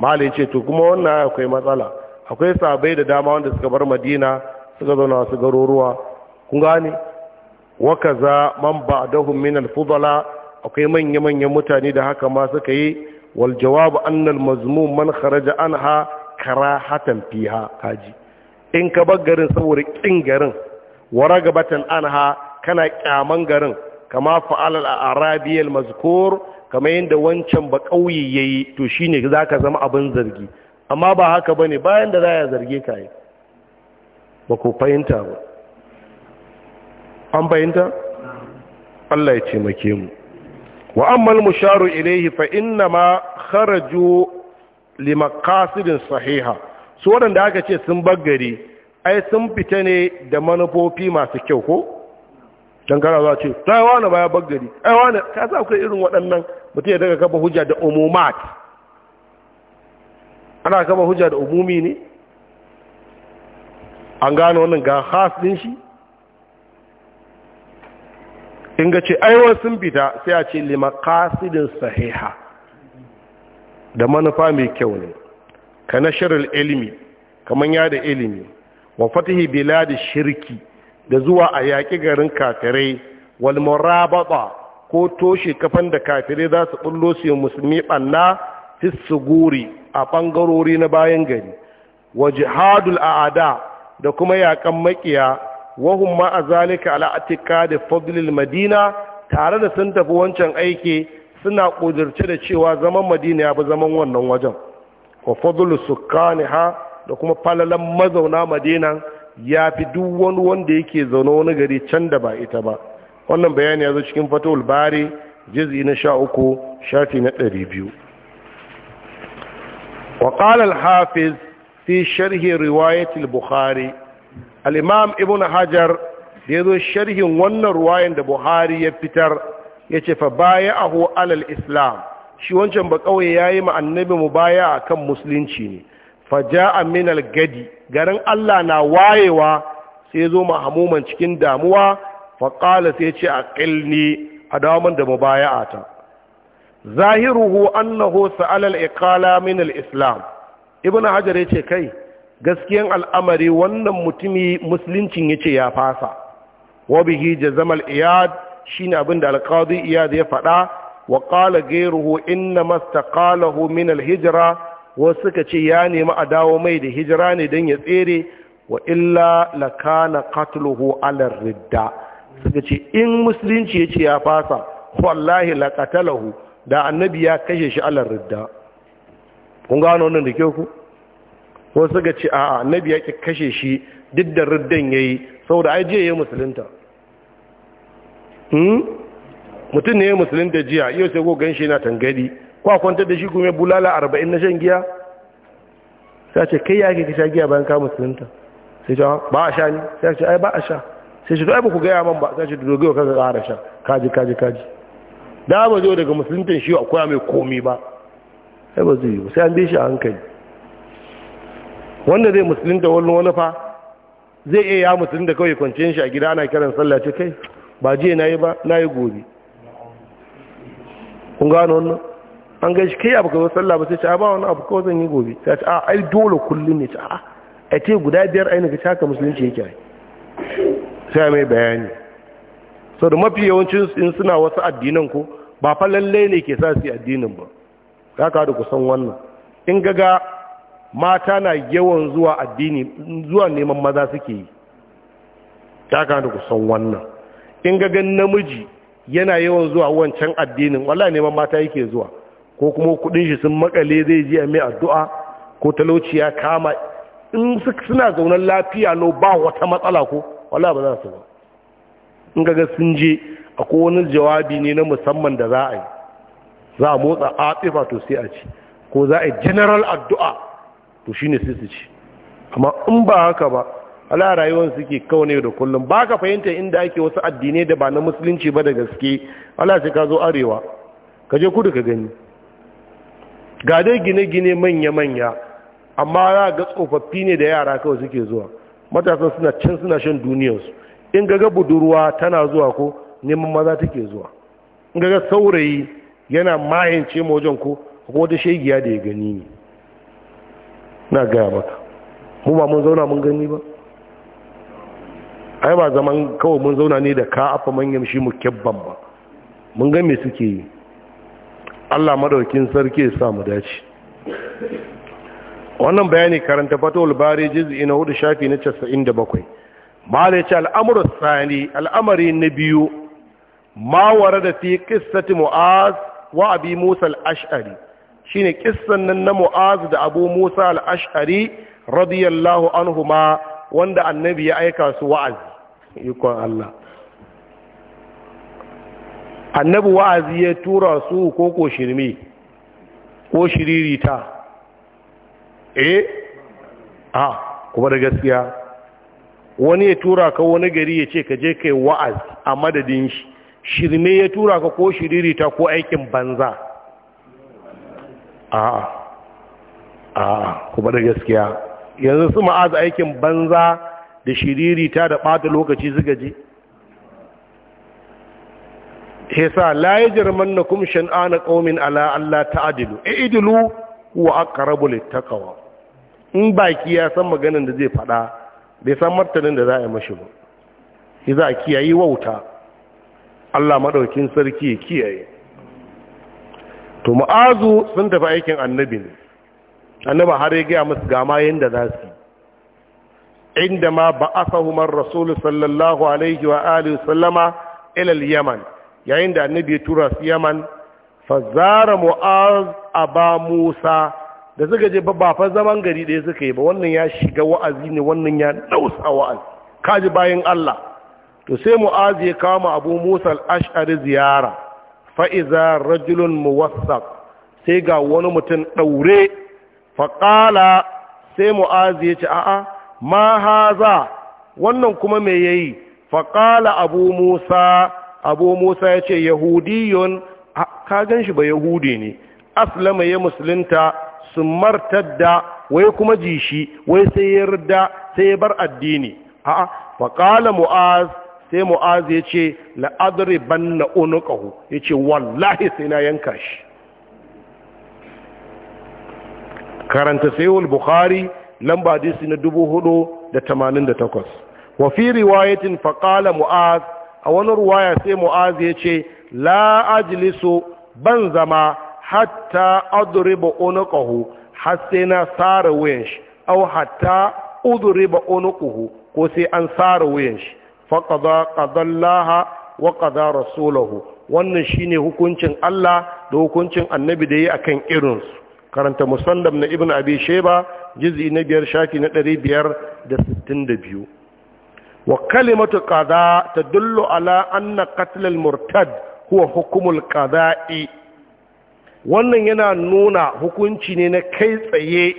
mali ce to kuma wannan akwai matsala akwai sabai da dama wanda suka bar madina suka zauna su garuruwa kun gane wa kaza man ba'dahum min al-fudala akwai manya-manyan mutane da haka ma suka yi wal jawabu annal mazmum man kharaja anha karahatan fiha kaji in ka bar garin saboda kin garin wa ragabatan anha kana kyaman garin kama fa'al al-arabi al-mazkur kama yanda wancan ba kauye yayi to shine zaka zama abin zargi amma ba haka bane bayan da za ya zarge ka yi ba ku fahimta ba an fahimta Allah ya taimake mu wa al musharu ilayhi fa inna ma kharaju li maqasidin sahiha su waɗanda aka ce sun baggari ai sun fita ne da manufofi masu kyau ko tankara za ce ta yi wane baya baggari ai wane ka sa kai irin waɗannan mutum ya daga kafa hujja da umumat ana kafa hujja da umumi ne an gano wannan ga khas din shi in ga ce aiwa sun fita sai a ce lima kasidin sahiha da manufa mai kyau ne ka nashirar ilimi kamar da ilimi wa fatihi biladi shirki da zuwa a yaƙi garin kafirai wal murabata ko toshe kafan da kafirai za su bullo su yi musulmi fi fissuguri a ɓangarori na bayan gari wa jihadul a'ada da kuma yaƙan maƙiya wa ma a zalika al'atika da fadlil madina tare da sun tafi wancan aiki suna ƙudurce da cewa zaman madina ya fi zaman wannan wajen wa fadlu sukkaniha da kuma falalan mazauna madina ya fi duk wani wanda yake zaune wani gari can da ba ita ba wannan bayani ya zo cikin fatul bari jizi na sha uku shafi na ɗari biyu wa ƙala alhafiz fi sharhi bukhari al-imam ibnu hajar da yazo sharhin wannan ruwayan da buhari ya fitar yace fa baya'ahu alal islam shi wancan ba ya yi ma annabi mubaya kan musulunci ne faja a minal gadi garin Allah na wayewa sai zo hamuman cikin damuwa faƙala sai ce a a damar da mubaya'ata zahiruhu annahu sa'ala al-iqala min al-islam ibnu hajar yace kai gaskiyan al'amari wannan mutumi musuluncin yace ya fasa wa bihi jazamal iyad shine abin da al-qadi iyad ya faɗa وقال غيره ghayruhu inna mastaqalahu min al-hijra wasu suka ce ya nemi a dawo mai da hijira ne dan ya tsere wa illa lakana qatluhu ala ridda suka ce in musulunci ya fasa da annabi ya kashe shi alar ridda kun gano wannan da kyau ku wasu suka ce a'a annabi ya ki kashe shi duk da riddan yayi saboda ai je ya musulunta mutum ne musulun da jiya yau sai ko ganshi na tangari, kwa kwantar da shi kuma bulala arba'in na shan giya sai ce kai ya ke ka sha giya bayan ka musulunta sai ce ah, ba a sha ne sai ce ai ba a sha sai ce to ai ba ku gaya man ba sai ce dogewa kaga ƙara sha kaji kaji kaji da ba zo daga musuluntan shi akwai mai komi ba sai ba zai yi sai an bi shi a hankali wanda zai musulunta wani wani fa zai iya ya musulunta kawai kwanciyar shi a gida ana kiran sallah ce kai ba jiya na yi ba na yi gobe kun gano wannan an gaishe kai abu kawai sallah ba sai ta ba wani abu kawai zan yi gobe ta ce a ai dole kullum ne ta, a a ce guda biyar a yi naga ka musulunci yake ai sai mai bayani so da mafi yawancin in suna wasu addinan ko ba fa lalle ne ke sa su addinin ba ya ka da kusan wannan in gaga mata na yawan zuwa addini zuwa neman maza suke yi ya ka da kusan wannan in gaga namiji yana yawan zuwa wancan addinin wala neman mata yake zuwa ko kuma kudin shi sun makale zai ji a mai addu'a ko talauci ya kama in suna zaunan lafiya no ba wata matsala ko wala ba za su ba in ga sun je akwai wani jawabi ne na musamman da za a yi za a motsa atifa to sai a ci ko za a yi general addu'a to shine sai su ci amma in ba haka ba ala rayuwar suke kaune da kullum ba ka fahimta inda ake wasu addinai da ba na musulunci ba da gaske ala sai ka zo arewa ka je kudu ka gani ga dai gine-gine manya-manya amma za ga tsofaffi ne da yara kawai suke zuwa matasa suna can suna shan duniyarsu in ga budurwa tana zuwa ko neman maza take zuwa in ga saurayi yana mahince ma wajen ko ko wata shaigiya da ya gani ne na gaya maka mu ba mun zauna mun gani ba ai ba zaman kawai mun zauna ne da ka afa manyan shi mu kyabban ba mun ga me suke yi Allah madaukin sarki ya sa mu dace wannan bayani karanta fatul bari juz'i na hudu shafi na 97 mala ce al'amru sani al'amari na biyu ma warada fi qissati mu'az wa abi musa al-ash'ari shine kissan nan na mu'az da abu musa al-ash'ari radiyallahu anhuma wanda annabi ya aika su wa'azi ikon Allah annabi wa'azi ya tura su ko ko shirme ko shiririta eh a kuma da gaskiya wani ya tura ka wani gari ya ce ka je kai wa'azi a madadin shi shirme ya tura ka ko shiririta ko aikin banza a a kuma da gaskiya yanzu su ma'azi aikin banza da shiriri ta da ɓata lokaci suka ji hesa la jirman na kumshin ana ƙaumin ala Allah ta adilu idilu wa ta kawa in baki ya san maganin da zai faɗa bai san martanin da za a yi mashi ba shi za a kiyayi wauta Allah maɗaukin sarki ya kiyaye to Ma'azu sun tafi aikin annabi ne annabi har ya gaya masu gama yadda za su yi. inda ma ba'athahum ar-rasul sallallahu alaihi wa alihi sallama ila yaman yayin da annabi ya tura su yaman fazara mu'az aba musa da suka je ba fa zaman gari ɗaya suka yi ba wannan ya shiga wa'azi ne wannan ya dausa wa'azi kaji bayan Allah to sai mu'az ya kama abu musa al-ash'ari ziyara fa iza rajulun muwassaq sai ga wani mutum daure fa qala sai mu'az ya ce a'a ma haza wannan kuma me yayi faqala abu musa abu musa yace yahudiyun ka ganshi ba yahudi ne aslama ya musulunta sumartadda wai kuma jishi wai sai ya rida sai ya bar addini a'a faqala mu'az sai mu'az yace la adribanna unqahu yace wallahi sai na yanka shi karanta sayyid bukhari lamba hadisi na dubu hudu da tamanin takwas wa fi riwayatin faƙala mu'az a wani ruwaya sai mu'az ya ce la ajlisu ban zama hatta adriba unqahu har sai na sara wuyan shi aw hatta udriba unquhu ko sai an sara wuyan shi faqada qadallaha wa qada rasulahu wannan shine hukuncin Allah da hukuncin annabi da yi akan irinsu karanta musallam na ibn abi sheba juz'i na biyar shafi na ɗari biyar da sittin da biyu wa kalimatu ta dullo ala anna qatl murtad huwa hukumul qada'i wannan yana nuna hukunci ne na kai tsaye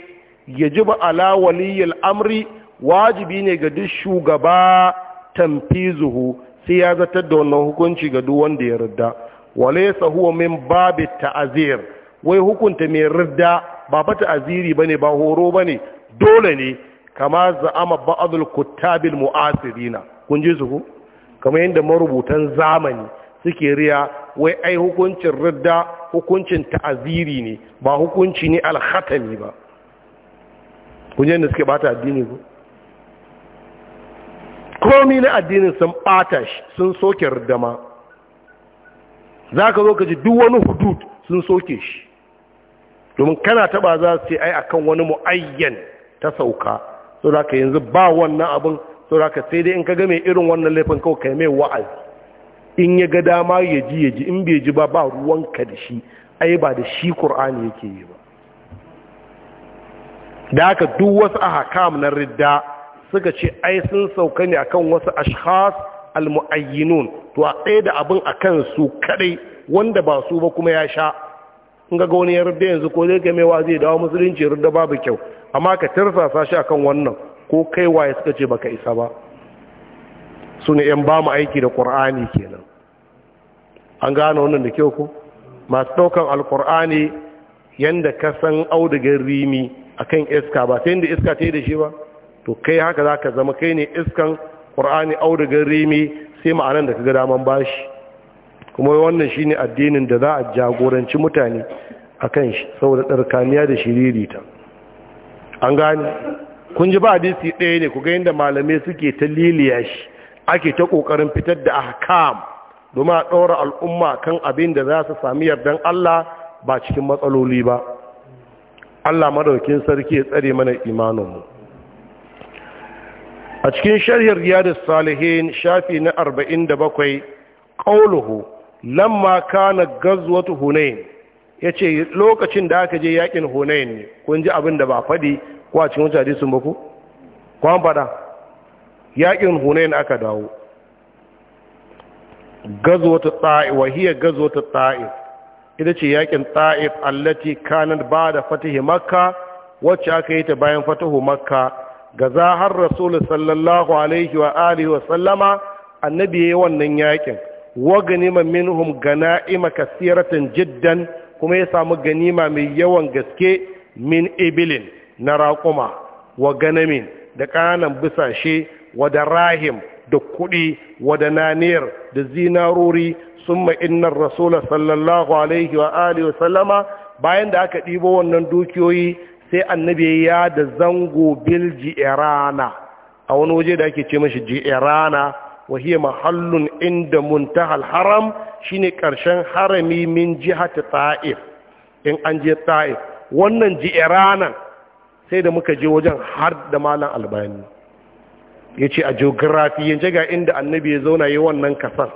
Ya ba ala waliyyar amri wajibi ne ga duk shugaba tamfizuhu sai ya zatar da wannan hukunci ga duk wanda ya rida walaysa huwa min babi ta'azir wai hukunta mai ridda ba bata aziri bane ba horo bane dole ne kama za'ama ba'dul kuttabil mu'asirina kun ji su ku kamar yadda marubutan zamani suke riya wai ai hukuncin ridda hukuncin ta'aziri ne ba hukunci ne alhatami ba kun yadda suke bata addini ku komi na addinin sun bata shi sun soke riddama za ka zo ka ji duk wani hudud sun soke shi domin kana taba za su ce ai akan wani mu'ayyan ta sauka so da ka yanzu ba wannan abin so da ka sai dai in ka ga mai irin wannan laifin kawai kai mai wa'azi in ya ga dama ya ji ya ji in bai ji ba ba ruwanka da shi ai ba da shi qur'ani yake yi ba da haka duk wasu ahkam na ridda suka ce ai sun sauka ne akan wasu ashkhas almu'ayyinun to a tsaye da abin akan su kadai wanda ba su ba kuma ya sha in ga wani ya rubda yanzu ko zai ga mai wazi dawo musulunci rubda babu kyau amma ka tirsasa shi akan wannan ko kai waye suka ce baka isa ba su ne yan ba mu aiki da qur'ani kenan an gane wannan da kyau ko masu daukan alqur'ani yanda ka san audugar rimi akan iska ba sai inda iska ta yi da shi ba to kai haka zaka zama kai ne iskan qur'ani audugar rimi sai ma'anar da ka ga daman bashi kuma wannan shine addinin da za a jagoranci mutane akan shi saboda tsarkaniya da shiririta an gane kun ji ba hadisi ɗaya ne ku ga yadda malamai suke ta liliya shi ake ta ƙoƙarin fitar da ahkam domin a ɗora al'umma kan abin da za su sami yardan Allah ba cikin matsaloli ba Allah madaukin sarki ya tsare mana imaninmu a cikin shari'ar riyadus salihin shafi na arba'in da bakwai, qauluhu lamma kana gazwatu hunain yace lokacin da aka je yakin hunain ne kun ji abin da ba fadi ko a cikin hadisin sun ku, ko an fada yakin hunain aka dawo gazwatu ta'if wa hiya gazwatu ta'if ita ce yakin ta'if allati kanat ba'da fatihi makka wacce aka yi ta bayan fatihu makka ga zahar rasul sallallahu alaihi wa alihi wa sallama annabi yayin wannan yakin wa minhum gana'ima kasiratan jiddan kuma ya samu ganima mai yawan gaske min ibilin na raƙuma wa ganamin da ƙananan bisashe wa da rahim da kuɗi wa da naniyar da zinarori sun ma'innar rasula sallallahu alaihi wa alihi wa sallama bayan da aka ɗibo wannan dukiyoyi sai annabi ya da zango bil ji'irana a wani waje da ake ce mashi ji'irana wa hiya mahallun inda muntahal haram shine karshen harami min jihati ta'if in an je ta'if wannan ji'iranan sai da muka je wajen har da malam albani yace a geography yanzu ga inda annabi ya zauna yi wannan kasar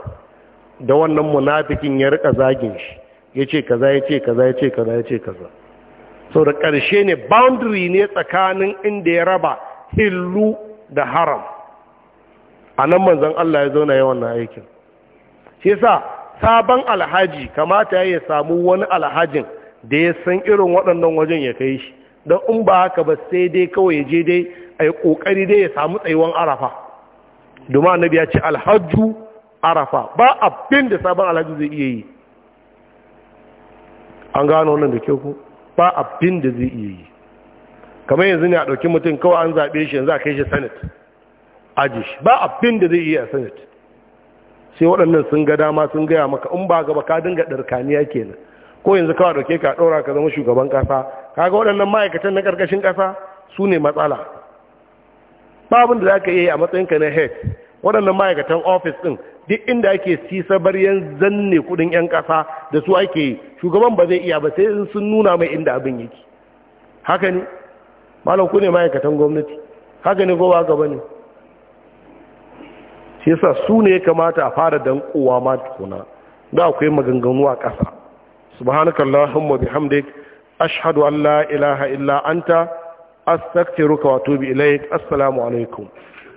da wannan munafikin ya rika zagin shi yace kaza yace kaza yace kaza yace kaza so da karshe ne boundary ne tsakanin inda ya raba hillu da haram a nan manzan Allah ya zauna yawan na aikin shi sa sabon alhaji kamata ya samu wani alhajin da ya san irin waɗannan wajen ya kai shi don in ba haka ba sai dai kawai ya je dai a yi ƙoƙari dai ya samu tsayuwan arafa domin annabi ya ce alhaju arafa ba abin da sabon alhaji zai iya yi an gano wannan da kyau ko ba abin da zai iya yi kamar yanzu ne a ɗauki mutum kawai an zaɓe shi yanzu a kai shi senate aji shi ba abin da zai iya a senate sai waɗannan sun ga dama sun gaya maka in ba gaba ka dinga ɗarkaniya kenan ko yanzu kawai ɗauke ka ɗora ka zama shugaban ƙasa kaga waɗannan ma'aikatan na ƙarƙashin ƙasa su ne matsala ba abin da za ka iya a matsayinka na head waɗannan ma'aikatan ofis ɗin duk inda ake sisa 'yan zanne kuɗin 'yan ƙasa da su ake yi shugaban ba zai iya ba sai sun nuna mai inda abin yake haka ne malam ku ne ma'aikatan gwamnati haka ne ko ba gaba ne shi yasa su ne ya kamata a fara dankowa ma tukuna da akwai maganganu a ƙasa subhanakallahumma bihamdik ashhadu an la ilaha illa anta astaghfiruka wa atubu ilaik assalamu alaikum